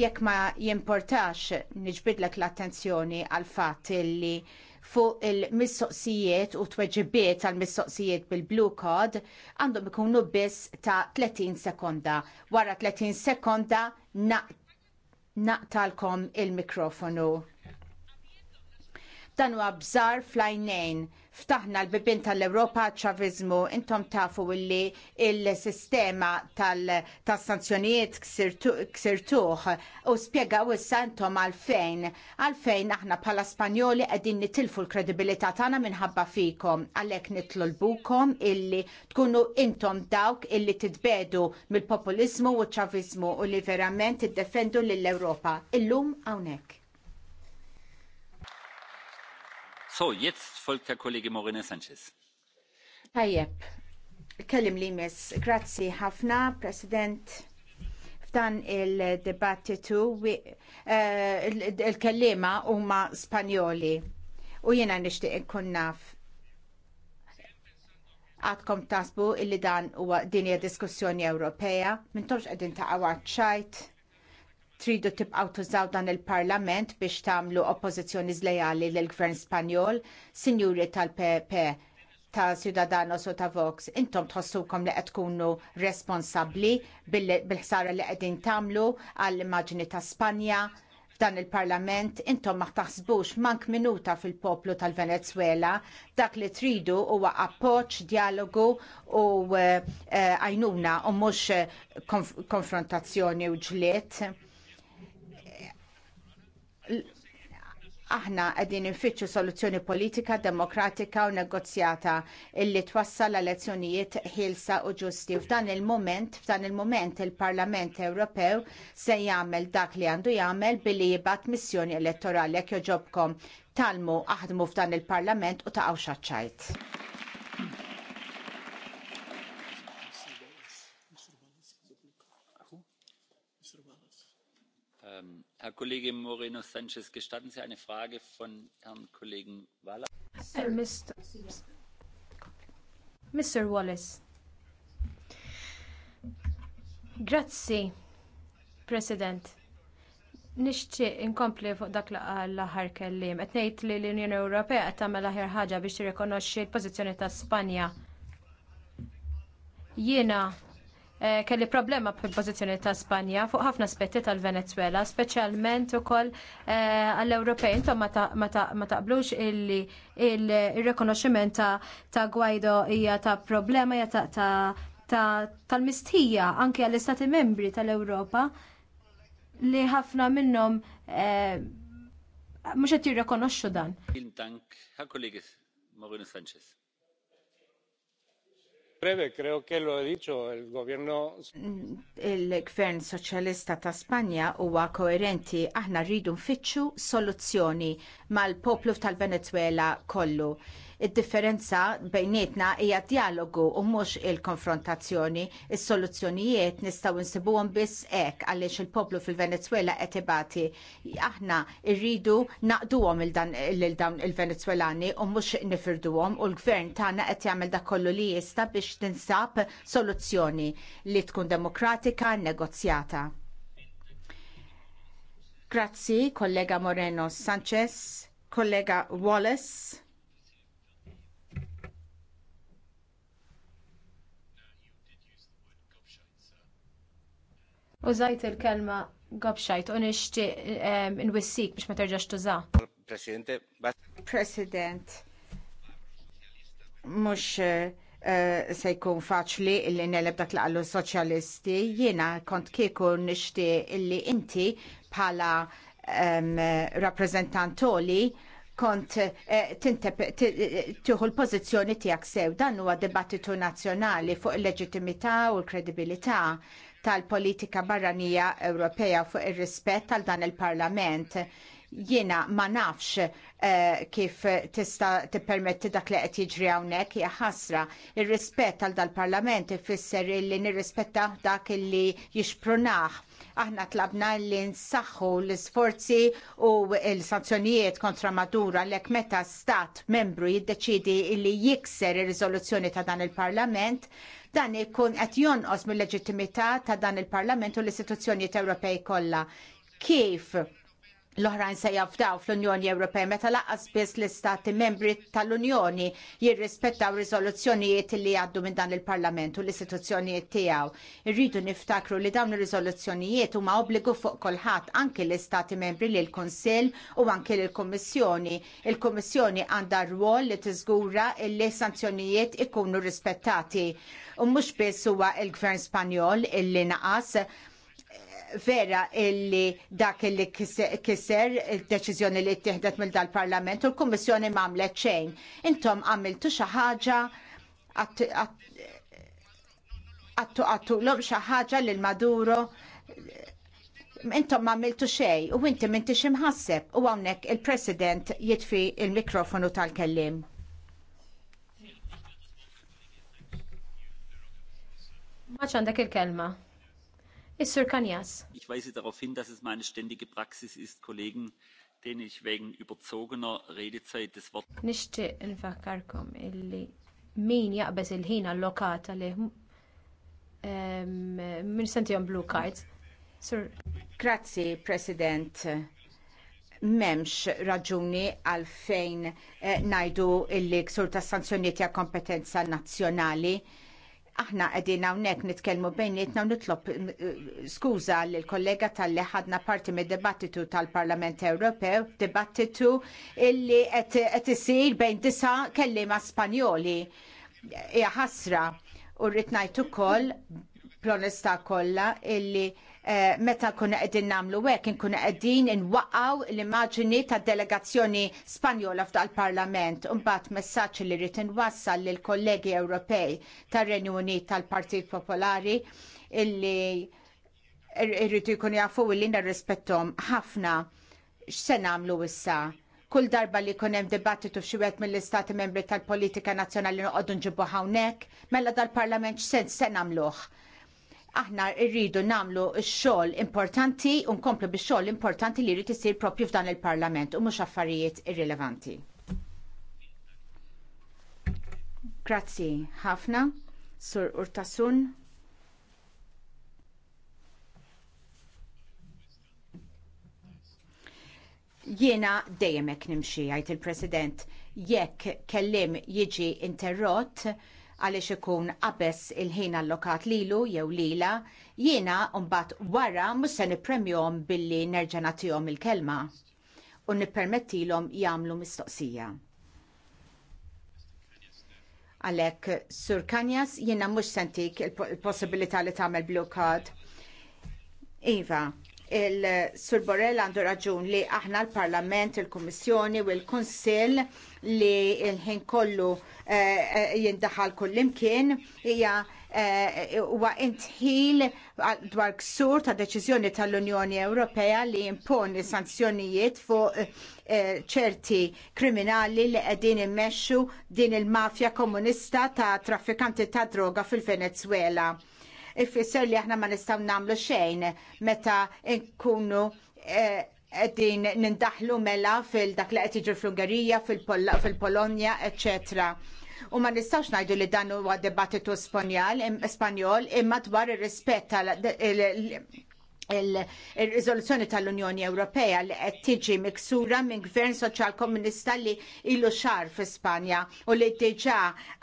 Jekk ma jimportax niġbidlek l-attenzjoni għal fatt li fuq il-mistoqsijiet u tweġibiet għal mistoqsijiet bil-Blue Code għandhom ikunu biss ta' 30 sekonda. Wara 30 sekonda naqtalkom il-mikrofonu. Dan huwa bżar flajnejn. Ftaħna l-bibin tal-Ewropa ċavizmu, intom tafu illi il-sistema tal-sanzjonijiet ksirtuħ u u issa intom għalfejn. Għalfejn aħna bħala Spanjoli qegħdin nitilfu l-kredibilità tagħna minħabba fikom. Għalhekk nitlu l-bukom illi tkunu intom dawk illi titbedu mill-populizmu u ċavizmu u li verament tiddefendu lill-Ewropa. Illum hawnhekk. So, jetzt folgt der Kollege Morena Sanchez. Tajjeb, kellim li mis, grazzi ħafna, President f'dan il-debattitu eh, il-kellima u ma Spanjoli u jena nishti ikkunnaf. għadkom tasbu illi dan u din hija diskussjoni Ewropea, mintomx qegħdin taqgħu għad xajt tridu tibqaw tużaw dan il-parlament biex tagħmlu oppożizzjoni zlejali lill gvern Spanjol, sinjuri tal-PP ta' Ciudadanos u ta' Vox, intom tħossukom li qed tkunu responsabbli bil-ħsara li qegħdin tagħmlu għall-immaġni ta' Spanja f'dan il-parlament intom ma taħsbux mank minuta fil-poplu tal-Venezuela dak li tridu huwa appoġġ, dialogu u eh, eh, għajnuna u mhux eh, konfrontazzjoni u ġlied aħna qegħdin infittxu soluzzjoni politika, demokratika u negozjata illi twassal elezzjonijiet ħilsa u ġusti. F'dan il mument f'dan il mument il-Parlament Ewropew se jagħmel dak li għandu jagħmel billi jibgħat missjoni elettorali jekk joġobkom talmu aħdmu f'dan il-Parlament u taqgħu xaċċajt. Herr Kollege Moreno Sanchez, gestatten Sie eine Frage von Herrn Kollegen Wallace? Mr. Wallace. Grazzi, President. Nixtieq inkompli fuq dak l-aħħar kelliem. Qed ngħid li l-Unjoni Ewropea qed tagħmel aħjar ħaġa biex tirrikonoxxi l-pożizzjoni ta' Spanja. Jiena Eh, kelli problema fil pożizzjoni ta' Spanja fuq ħafna aspetti tal-Venezuela, speċjalment ukoll eh, għall-Ewropej. Intom ma taqblux illi il rekonoximent ta' Guaido hija ta' problema hija ta' tal-mistija anke għall-Istati membri tal-Ewropa li ħafna minnhom eh, mhux qed jirrikonoxxu dan. ħa kollegi Sanchez. Breve, creo que lo dicho, il gobierno... Il-gvern soċjalista ta' Spanja huwa koerenti, aħna rridu nfittxu soluzzjoni mal-poplu tal-Venezuela kollu Id-differenza bejnietna hija dialogu u mhux il-konfrontazzjoni. Is-soluzzjonijiet nistgħu nsibuhom biss hekk għaliex il-poplu fil-Venezuela qed ibati. Aħna rridu naqduhom lil dawn il-Venezwelani u mhux nifirduhom u l-gvern tagħna qed jagħmel dak kollu li jista' biex tinsab soluzzjoni li tkun demokratika negozjata. Grazzi, kollega Moreno Sanchez, kollega Wallace. użajt il-kelma għabxajt, u n wissik biex ma terġax tuża. President, mux eh, se jkun faċli illi neleb dak laqallu soċjalisti, jiena kont kieku nishti illi inti bħala rappresentantoli kont eh, tieħu l-pożizzjoni tiegħek sew dan huwa dibattitu nazzjonali fuq il-leġittimità u l-kredibilità tal-politika barranija Ewropea fuq ir-rispett tal dan il-Parlament. Jiena ma nafx eh, kif tista tippermetti dak li qed jiġri hawnhekk hija ħasra. Ir-rispett għal dal-Parlament ifisser illi nirrispetta dak illi jixprunaħ. Aħna tlabna li nsaħħu l-isforzi u l-sanzjonijiet kontra Madura għalhekk meta stat membru jiddeċidi illi jikser ir-riżoluzzjoni ta' dan il-Parlament dan ikun qed jonqos mill-leġittimità ta' dan il-Parlament u l-istituzzjonijiet Ewropej kollha. Kif l-oħrajn se jafdaw fl-Unjoni Ewropea meta laqqas biss l-istati membri tal-Unjoni jirrispettaw riżoluzzjonijiet li għaddu minn dan il-Parlament u l-istituzzjonijiet tiegħu. Irridu niftakru li dawn ir-riżoluzzjonijiet huma obbligu fuq kulħadd anke l-istati membri li l-Kunsill u anke l-Kummissjoni. Il-Kummissjoni għandha rwol li tiżgura li sanzjonijiet ikunu rispettati. U mhux biss huwa l-Gvern Spanjol illi naqas vera illi dak illi kisser il-deċizjoni li ttieħdet mill dal-Parlament u l-Kummissjoni m'għamlet xejn. Intom għamiltu xi ħaġa għattu għattu l xi ħaġa lil Maduro intom għamiltu xejn u inti minti ximħasseb u hawnhekk il-President jitfi il-mikrofonu tal-kellim. Maċ għandek il-kelma. Is-Sur Kanjas. Ich weise darauf hin, dass es meine ständige Praxis ist, Kollegen, den ich wegen überzogener Redezeit des Wort. Nixtieq infakkarkom illi min jaqbes il ħina l-lokata li min sentihom blue cards. Sir. Grazie, President. Memx raġuni għal fejn eh, najdu illi ksur ta' sanzjoniet ja' kompetenza nazjonali aħna għedin hawnhekk nitkellmu bejnietna u nitlob skuża lill kollega tal-li ħadna parti mid dibattitu tal-Parlament Ewropew, dibattitu illi qed isir bejn disa kelliema Spanjoli. Hija ħasra u rrid ngħid ukoll kolla, kollha illi Eh, meta kuna qegħdin nagħmlu hekk inkun qegħdin inwaqgħu l-immaġini tad-delegazzjoni Spanjola f'dal parlament u mbagħad messaġġ li rrid inwassal lill kollegi Ewropej tar-Renju Unit tal-Partit Popolari illi irridu jkunu jafu illi nirrispettom ħafna x'se nagħmlu issa kull darba li jkun hemm dibattitu f'xiwet mill-istati membri tal-politika nazzjonali noqogħdu nġibu hawnhekk, mela dal-parlament x'sens se nagħmluh aħna rridu namlu xogħol importanti u nkomplu bix xogħol importanti li jrid isir propju f'dan il-Parlament u mhux affarijiet irrilevanti. Grazzi ħafna, Sur Urtasun. Jiena dejjem hekk nimxi, għajt il-President, jekk kellim jiġi interrott, għaliex ikun qabess il-ħin allokat lilu jew lila, jiena mbagħad wara mhux se nippremjhom billi nerġa' nagħtihom il-kelma u nippermettilhom jagħmlu mistoqsija. Għalhekk, Sur Kanyas, jiena mhux sentik il-possibilità li tagħmel blue Iva, il-Sur Borrell għandu raġun li aħna l-Parlament, il-Kummissjoni u l-Kunsill li l-ħin kollu eh, eh, jindaħal kullimkien hija eh, huwa intħil dwar ksur ta' deċiżjoni tal-Unjoni Ewropea li jimponi sanzjonijiet fuq ċerti kriminali li qegħdin immexxu din il-mafja komunista ta' traffikanti ta' droga fil-Venezuela ifisser li aħna ma nistgħu nagħmlu xejn meta nkunu eh, qegħdin nindaħlu mela fil dak li qed jiġri fl-Ungerija, fil-Polonja, etc. U ma nistgħux ngħidu li dan huwa dibattitu Spanjol imma dwar ir-rispett il-rizoluzzjoni tal-Unjoni Ewropea li qed tiġi miksura minn gvern soċjal komunista li ilu xar fi Spanja u li diġà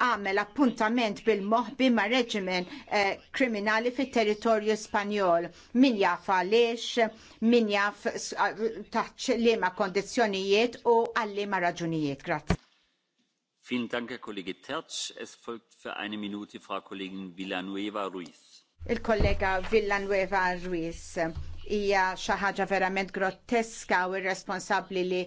għamel appuntament bil-moħbi ma' reġimen eh, kriminali fit territorju Spanjol. Min jaf għaliex, min jaf taħt liema kondizzjonijiet u għalliema raġunijiet. Grazie. Vielen Dank, Herr Kollege Tertsch. Es folgt für eine Minute Frau Kollegin Villanueva Ruiz. Il-kollega Villanueva Ruiz hija xi ħaġa verament grotteska u irresponsabbli li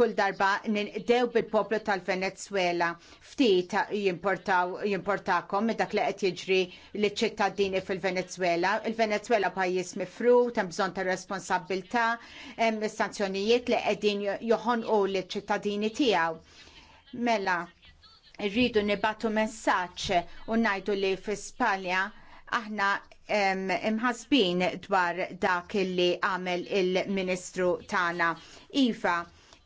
kull darba ninqdew bil-poplu tal-Venezuela ftit jimportakom dak li qed jiġri liċ ċittadini fil-Venezuela. Il-Venezuela pajjiż mifru, hemm bżonn ta' responsabilità, hemm sanzjonijiet li qegħdin joħonqu liċ ċittadini tiegħu. Mela, rridu nibatu messaġġ u ngħidu li fi Spanja aħna imħasbin dwar dak li għamel il-Ministru tagħna. Iva,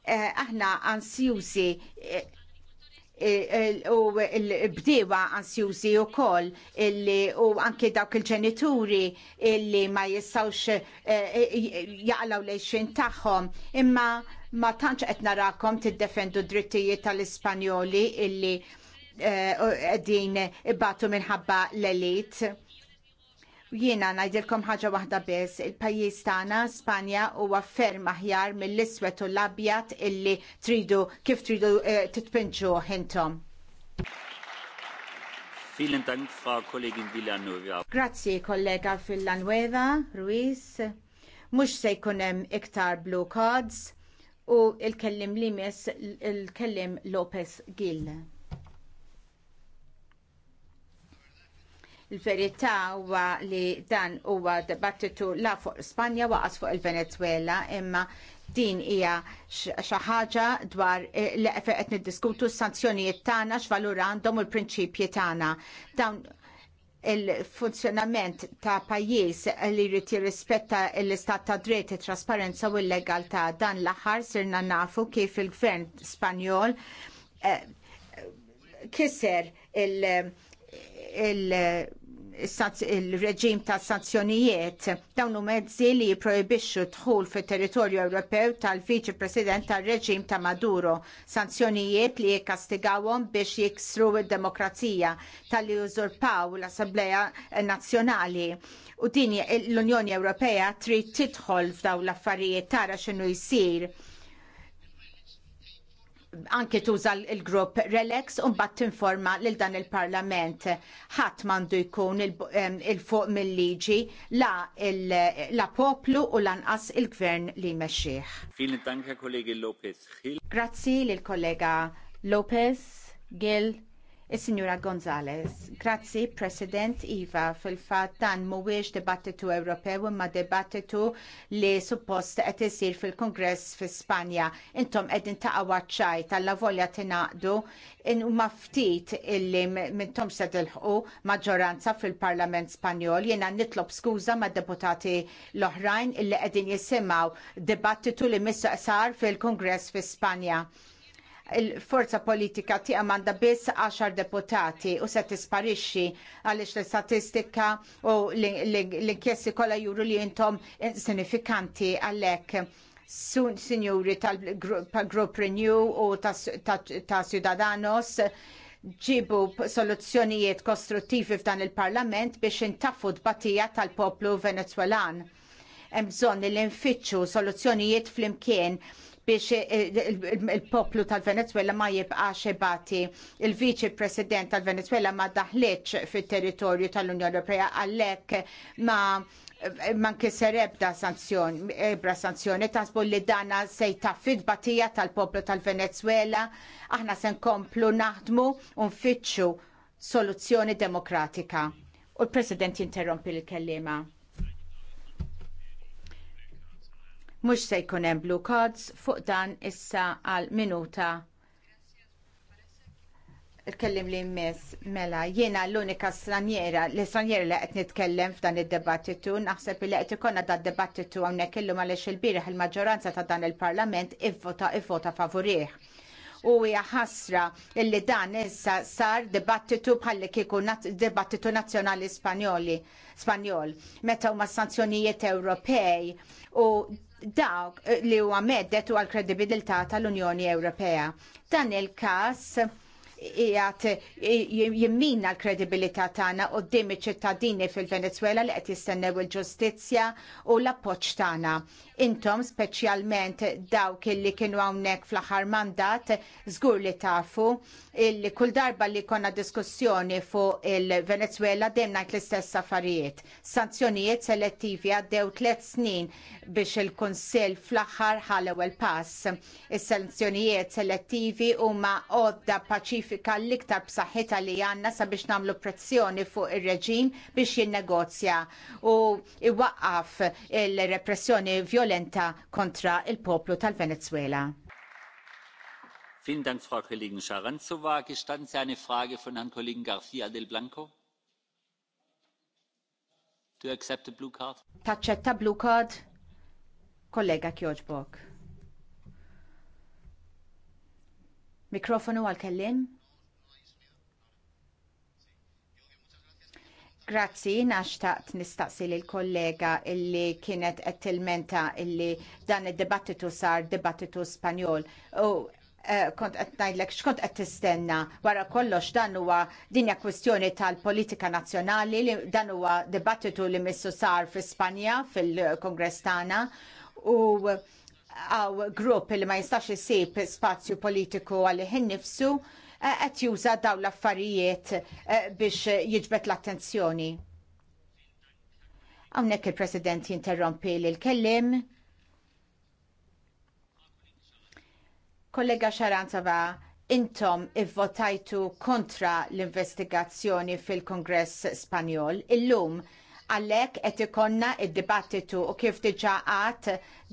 eh, aħna ansjużi eh, eh, u l-bdewa ansjużi u koll u anke dawk il-ġenituri illi ma jistawx jaqlaw lejxin taħħom imma ma tantx qed narakom tiddefendu drittijiet tal-Ispanjoli illi qegħdin ibbatu minħabba l-elit Jiena najdilkom ħaġa waħda biss, il-pajjiż tagħna Spanja huwa ferm aħjar mill-iswed u l-abjad illi tridu kif tridu eh, titpinċu ħintom. Vielen Dank, Frau Kollegin Villanueva. Grazie, kollega Villanueva, Ruiz. Mux se jkunem iktar Blue Cards u il-kellim Limes, il-kellim Lopez Gil. Il-verità huwa li dan huwa dibattitu la fuq Spanja waqas fuq il-Venezuela imma din hija xi ħaġa dwar eh, li qed niddiskutu s-sanzjonijiet tagħna x'valur għandhom u l-prinċipji tagħna. Dawn il-funzjonament ta' pajjiż li jrid jirrispetta l-istat ta' dritt, it trasparenza u l-legalità dan l-aħħar sirna nafu kif il-gvern Spanjol kiser eh, kisser il-, il il-reġim ta' sanzjonijiet dawnu mezzi li jiprojbixxu dħul fit territorju Ewropew tal-Viċi President tal-reġim ta' Maduro, sanzjonijiet li jikkastigawhom biex jiksru id-demokrazija tal-li użurpaw l-Assembleja Nazzjonali. U din l-Unjoni Ewropea trid tidħol f'dawn l-affarijiet tara x'inhu jsir anke tuża il-grupp Relex u mbagħad tinforma lil dan il-Parlament. Ħadd m'għandu jkun il-fuq mill-liġi la poplu u lanqas il-gvern li jmexxih. Grazzi lill kollega Lopez Gil Is-Sinjura Gonzalez, grazzi President Iva fil-fatt dan mhuwiex dibattitu Ewropew imma dibattitu li suppost qed isir fil-Kongress fi Spanja. Intom qegħdin taqgħu ċaj tal volja tingħaqdu in huma ftit illi mintom se tilħqu maġġoranza fil-Parlament Spanjol. Jiena nitlob skuża mad deputati l-oħrajn illi qegħdin jisimgħu dibattitu li missa sar fil-Kongress fi Spanja il-forza politika ti għamanda biss 10 deputati u se tisparixxi għaliex l-statistika u l-inkjesti kollha juru li intom sinifikanti għalhekk sinjuri tal-Group Renew u ta' Ciudadanos ġibu soluzzjonijiet kostruttivi f'dan il-Parlament biex intaffu d-batija tal-poplu Venezwelan. Hemm bżonn li nfittxu soluzzjonijiet flimkien biex il-poplu tal-Venezuela ma jibqax xebati Il-Viċi President tal-Venezuela ma daħliċ fit-territorju tal-Unjoni Ewropea għalhekk ma man kisser ebda sanzjoni, ebra sanzjoni, tasbu li dana sejta jtaffi tal-poplu tal-Venezuela, aħna se nkomplu naħdmu u nfittxu soluzzjoni demokratika. U l-President jinterrompi l-kellima. mhux se jkun hemm blue cards fuq dan issa għal minuta il-kellim li jmiss mela, jiena l-unika stranjera, l straniera li qed nitkellem f'dan id debattitu naħseb li qed ikonna dan debattitu hawnhekk illum għaliex il-biraħ il-maġġoranza ta' dan il-parlament ivvota ivvota favorih u hija ħasra illi dan issa sar dibattitu bħalli kieku dibattitu nazzjonali Spanjoli Spanjol meta huma sanzjonijiet Ewropej u dawk li huwa meddet u għall kredibilità tal-Unjoni Ewropea. Dan il-każ jgħat eh, jimmina l-kredibilità tagħna qudiem iċ-ċittadini fil-Venezuela li qed jistennew il-ġustizzja u l-appoġġ tagħna. Intom speċjalment dawk illi kienu hawnhekk fl-aħħar mandat żgur li tafu illi kull darba li konna diskussjoni fuq il-Venezuela dejjem ngħid l-istess affarijiet. Sanzjonijiet selettivi għaddew tliet snin biex il-Kunsill fl-aħħar ħalew il-pass. Is-sanzjonijiet selettivi huma għodda paċifika l l-iktar b'saħħitha li għanna sabiex namlu pressjoni fuq ir-reġim biex jinnegozja u iwaqqaf il-repressjoni violenta kontra il-poplu tal-Venezuela. Vielen Dank, Frau Kollegin Scharanzova. Gestatten Sie eine Frage von Herrn Kollegen Garcia del Blanco? Do you accept the blue card? Taċċetta blue card? Kollega Kjoġbok. Mikrofonu għal-kellim? Grazzi, naċtaqt nistaqsi lill kollega illi kienet qed tilmenta illi dan id-dibattitu sar dibattitu Spanjol. U eh, kont qed ngħidlek x'kont qed tistenna wara kollox dan huwa dinja kwistjoni tal-politika nazzjonali li dan huwa dibattitu li missu sar fi Spanja fil-Kongress tagħna u eh, għaw grupp li ma jistax isib spazju politiku għalli innifsu nifsu qed juża dawn l-affarijiet eh, biex jiġbed l-attenzjoni. Hawnhekk il-President jinterrompi l kellim. Kollega Xaranzova, intom ivvotajtu kontra l-investigazzjoni fil-Kongress Spanjol. Illum Għalhekk qed ikonna id-dibattitu u kif diġà qatt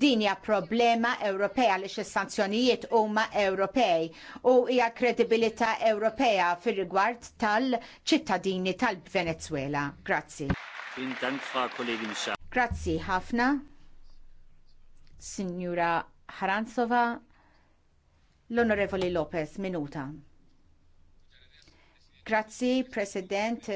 din hija problema Ewropea li x-sanzjonijiet huma Ewropej u hija kredibilità Ewropea fir-rigward tal-ċittadini tal-Venezuela. Grazzi. Grazzi ħafna. Signora Haranzova, l-Onorevoli Lopez, minuta. Grazzi, President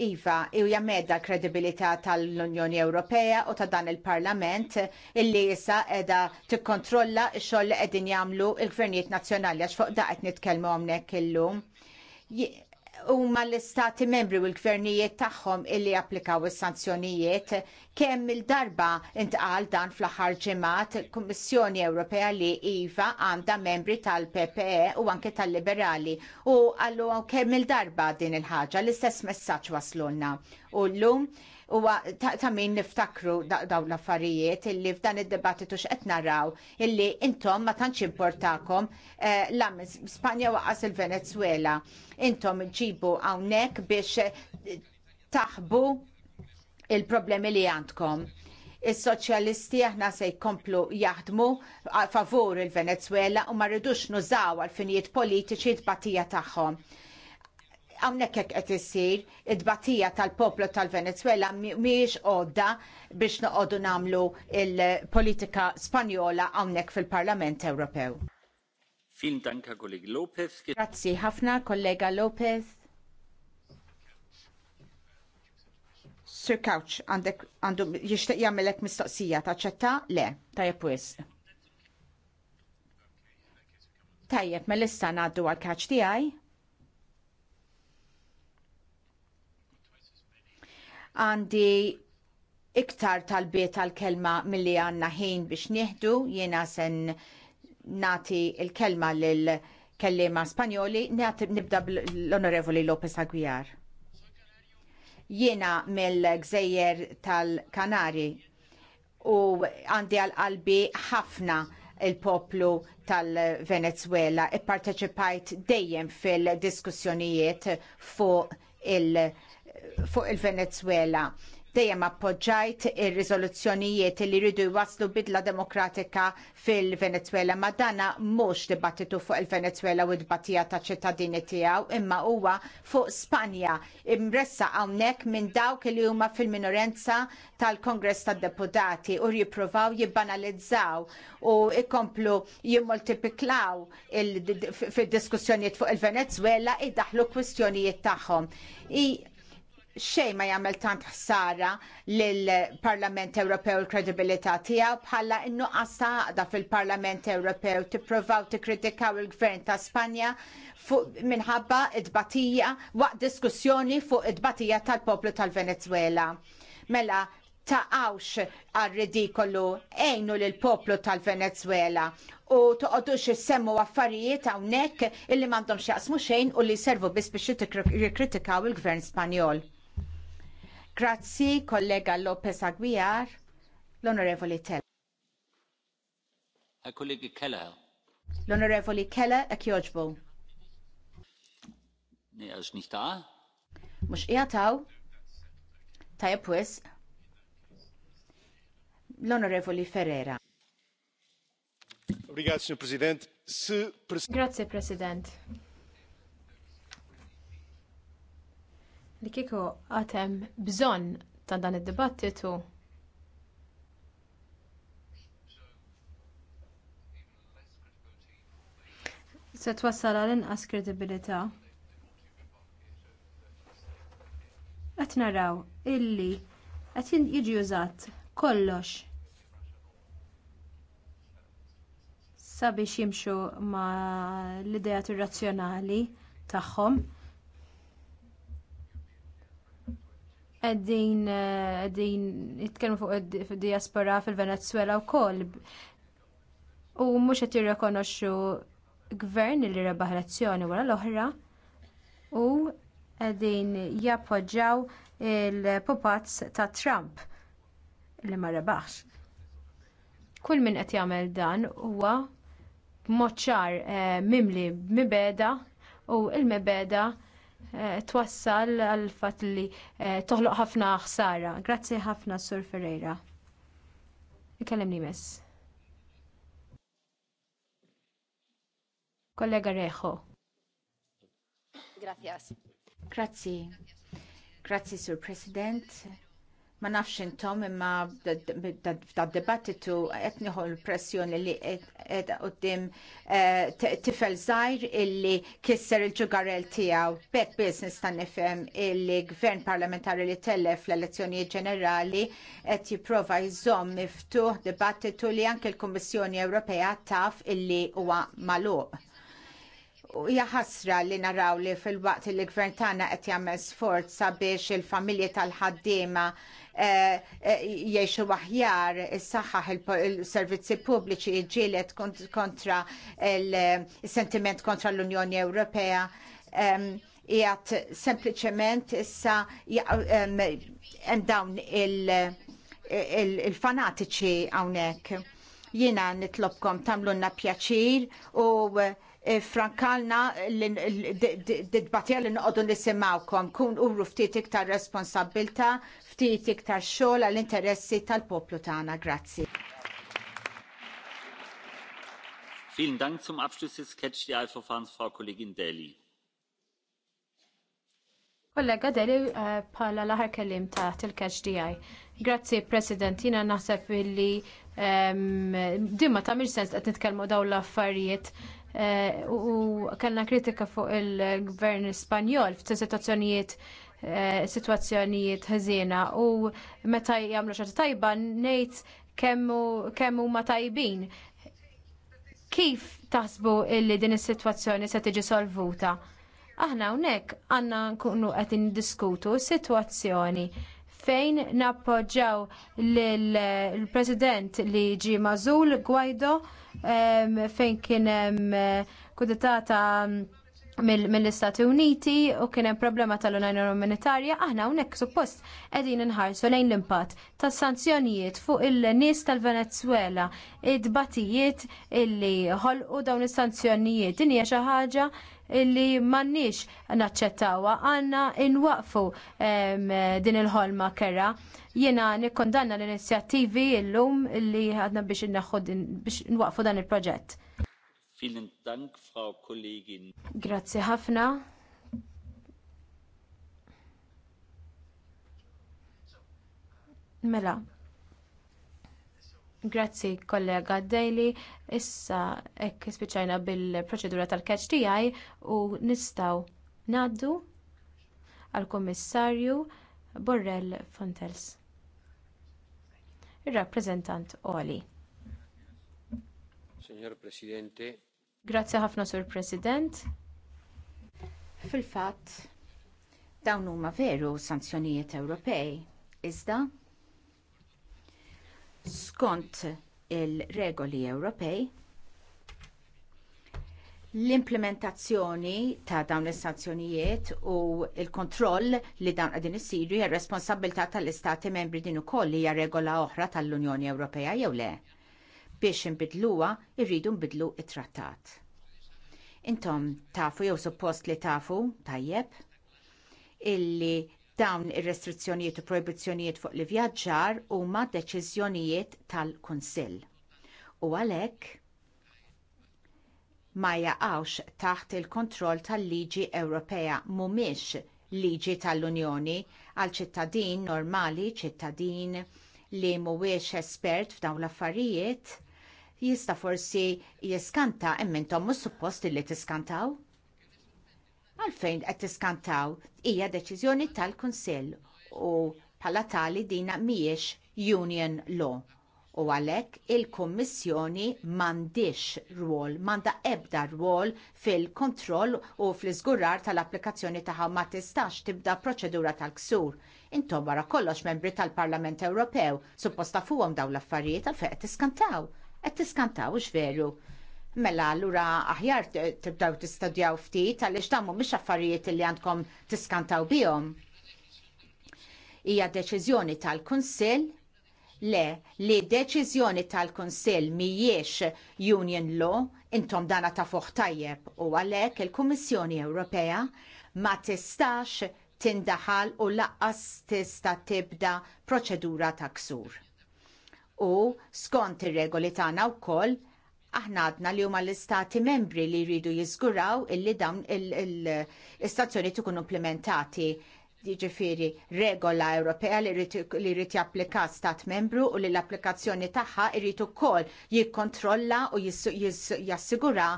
Iva, hija medda l-kredibilità tal-Unjoni Ewropea u ta' dan il-Parlament illi issa edha tikkontrolla x-xogħol edin qegħdin jagħmlu l-gvernijiet nazzjonali għax fuq daqqet nitkellmu hawnhekk illum huma l-istati membri u l-gvernijiet tagħhom illi applikaw is-sanzjonijiet kemm il-darba intqal dan fl-aħħar ġimgħat il-Kummissjoni Ewropea li iva għandha membri tal-PPE u anke tal-Liberali u għallu kemm il-darba din il-ħaġa l-istess messaġġ waslulna. U llum huwa ta' min niftakru dawn l-affarijiet illi f'dan id debattitu x'qed naraw illi intom ma tantx importakom eh, la Spanja waqas il-Venezuela. Intom ġibu hawnhekk biex eh, taħbu il-problemi li għandkom il-soċjalisti aħna se jkomplu jaħdmu favur il-Venezuela u ma rridux nużaw għal finijiet politiċi tbatija tagħhom hawnhekk hekk qed isir id-batija tal-poplu tal-Venezuela mhijiex għodda biex noqogħdu nagħmlu il-politika Spanjola hawnhekk fil-Parlament Ewropew. Fin tanka kolleg Lopez. Grazzi ħafna kollega Lopez. Sir Couch, għandek għandu jixtieq jagħmelek mistoqsija taċċetta? Le, tajjeb wis. Tajjeb, mel-issa ngħaddu għal-kaċ tijaj? Għandi iktar talbiet tal-kelma milli għandna ħin biex nieħdu, jiena sen nati il-kelma lil kellima Spanjoli, nibda l-Onorevoli Lopez Aguiar. Jiena mill-gżejjer tal-Kanari u għandi għal-qalbi ħafna il-poplu tal-Venezuela. parteċipajt dejjem fil-diskussjonijiet fuq il- fuq il-Venezuela. Dejjem appoġġajt ir-riżoluzzjonijiet li jridu jwaslu bidla demokratika fil-Venezuela ma dana mhux dibattitu fuq il-Venezuela u d-batija ta' ċittadini tiegħu imma huwa fuq Spanja imressa hawnhekk minn dawk li huma fil-minorenza tal-Kongress tad-Deputati u jippruvaw jibbanalizzaw u jkomplu jimmultiplikaw fid-diskussjonijiet fuq il-Venezuela iddaħlu kwistjonijiet tagħhom xejn ma jagħmel tant ħsara lill-Parlament Ewropew il-kredibilità tiegħu bħala innu qasta għaqda fil-Parlament Ewropew tippruvaw tikkritikaw il-Gvern ta' Spanja minħabba id-batija waqt diskussjoni fuq id-batija tal-poplu tal-Venezuela. Mela, għawx għal ridikolu ejnu lill-poplu tal-Venezuela u toqodux semmu affarijiet hawnhekk illi m'għandhom xjaqsmu xejn u li servu biss biex jikkritikaw il-Gvern Spanjol. Grazzi, kollega Lopez Aguiar, l-Onorevoli Tell. Kollegi Kella. L-Onorevoli Kella, ek joġbu. Ne, għax er nixta? Mux iħataw, tajab wis, l-Onorevoli Ferrera. Grazie, Presidente. Grazie, Presidente. li kiko għatem bżon ta' dan id-dibattitu se twassal għal inqas kredibilità. Qed naraw illi qed jiġi użat kollox sabiex jimxu ma l-idejat irrazzjonali tagħhom. għeddin eh, għeddin jitkellmu fuq id diaspora fil-Venezuela u koll u mux għet jirrekonoxu gvern li rebaħ elezzjoni wara l-oħra u għedin jappoġġaw il pupazz ta' Trump li ma rebaħx. Kull min qed jagħmel dan huwa moċċar eh, mimli mibeda u l mibeda Eh, twassal għal fatt li eh, toħloq ħafna ħsara. Grazzi ħafna Sur Ferreira. Ikellimni mess. Kollega Reħo. Grazie. Grazzi. Grazzi, Sur President ma nafx intom imma da dibattitu qed nieħu l-pressjoni li qed qudiem eh, tifel żgħir illi kisser il-ġugarel tiegħu bekk biss nista' nifhem illi gvern parlamentari li tellef l-elezzjonijiet ġenerali qed jipprova jżomm miftuħ dibattitu li anke l-Kummissjoni Ewropea taf illi huwa magħluq. U jaħasra ħasra li naraw li fil-waqt li gvern tagħna qed jagħmel forza biex il-familji tal-ħaddiema Eh, eh, jiexu aħjar is-saħħaħ il-servizzi pubbliċi ġielet kontra eh, il-sentiment kontra l-Unjoni Ewropea ehm, jgħat sempliciment issa ehm, hemm dawn il-fanatiċi hawnhekk. Jiena nitlobkom tamlunna pjaċir u frankalna d-dbatja li nqodu nisimawkom, kun urru ftit iktar responsabilta, ftit iktar xogħol għall-interessi tal-poplu tagħna. Grazzi. Vielen Dank zum Abschluss des Sketch die eye Frau Kollegin Deli. Kollega Deli pala laħar kellim ta' til-Catch di. Grazzi, President, jina naħseb illi dimma ta' mil sens qed nitkellmu dawn l-affarijiet Eh, u kellna kritika fuq il-gvern Spanjol f'ta' situazzjonijiet eh, situazzjonijiet ħażina u meta jagħmlu xi tajba ngħid kemm huma tajbin. Kif taħsbu li din is-sitwazzjoni se tiġi solvuta? Aħna hawnhekk għandna nkunu qed indiskutu s-sitwazzjoni fejn nappoġġaw l-President li ġie mażul Gwajdo fejn kien hemm kudetata mill-Istati Uniti u kien hemm problema tal-Unjoni Umanitarja, aħna hawnhekk suppost qegħdin inħarsu lejn l-impatt tas-sanzjonijiet fuq il-nies tal-Venezuela, id-batijiet illi ħolqu dawn is-sanzjonijiet. Din hija xi ħaġa illi m'għandniex naċċettawha għandna inwaqfu din il-ħolma kera. Jiena nikkondanna l-inizjattivi llum illi għadna biex biex nwaqfu dan il-proġett. Grazie ħafna. Mela. Grazzi kollega Daily. Issa hekk ispiċajna bil-proċedura tal-catch tijaj u nistaw ngħaddu għall kummissarju Borrell Fontels. Ir-rappreżentant Oli. Signor Presidente, Grazzi ħafna sur President. Fil-fatt, dawn huma veru sanzjonijiet Ewropej, iżda skont il-regoli Ewropej l-implementazzjoni ta' dawn is-sanzjonijiet u l kontroll li dawn qegħdin isiru hija responsabilità tal-istati membri din ukoll hija regola oħra tal-Unjoni Ewropea jew le biex inbidluha irridu nbidlu t trattat Intom tafu jew suppost li tafu tajjeb illi dawn ir-restrizzjonijiet u proibizzjonijiet fuq li vjaġġar huma deċiżjonijiet tal-Kunsill. U għalhekk ma jaqgħux taħt il-kontroll tal-liġi Ewropea mhumiex liġi tal-Unjoni għal ċittadin normali, ċittadin li mhuwiex espert f'dawn l-affarijiet jista forsi jiskanta emmintom mus suppost li tiskantaw? Għalfejn qed tiskantaw hija deċiżjoni tal-Kunsill u bħala tali dina mhijiex union law u għalhekk il kummissjoni m'għandix rwol, m'għandha ebda rwol fil-kontroll u fl-iżgurar tal-applikazzjoni tagħha ma tistax tibda proċedura tal-ksur. Intom wara kollox membri tal-Parlament Ewropew, supposta fuqhom dawn l-affarijiet għal qed tiskantaw qed tiskantaw veru. Mela lura aħjar tibdaw tistudjaw ftit għaliex tammu mhumiex affarijiet li għandkom tiskantaw bihom. Hija deċiżjoni tal-Kunsill le li deċiżjoni tal-Kunsill mhijiex Union Law intom dana ta' fuq tajjeb u għalhekk il-Kummissjoni Ewropea ma tistax tindaħal u laqqas tista' tibda proċedura ta' ksur u skont ir-regoli tagħna wkoll aħna għadna li huma l-istati membri li jridu jiżguraw illi dawn l-istazzjoni tkun implementati jiġifieri regola Ewropea li jrid japplika stat membru u li l-applikazzjoni tagħha jrid ukoll jikkontrolla u jassigura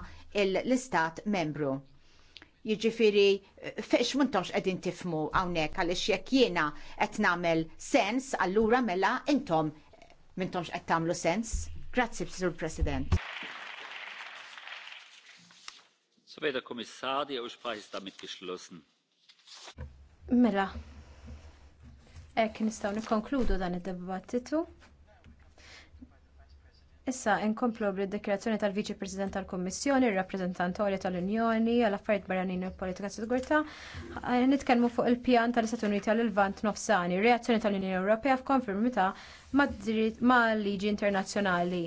l-istat membru. Jiġifieri fex muntomx qegħdin tifmu hawnhekk għaliex jekk jiena qed nagħmel sens allura mela intom mintomx qed tagħmlu sens. Grazzi, Sur President. So weder Kommissar, die ta' ist damit Mela, ek nistaw nikonkludu dan id-dibattitu. Issa inkomplu bil dikjerazzjoni tal-Viċi President tal-Kummissjoni, ir-Rappreżentant tal-Unjoni għal affarijiet barranin u politika sigurtà. Eh, nitkellmu fuq il-pjan tal-Istati Uniti għal Lvant nofsani, reazzjoni tal-Unjoni Ewropea f'konfirmita ma' liġi internazzjonali.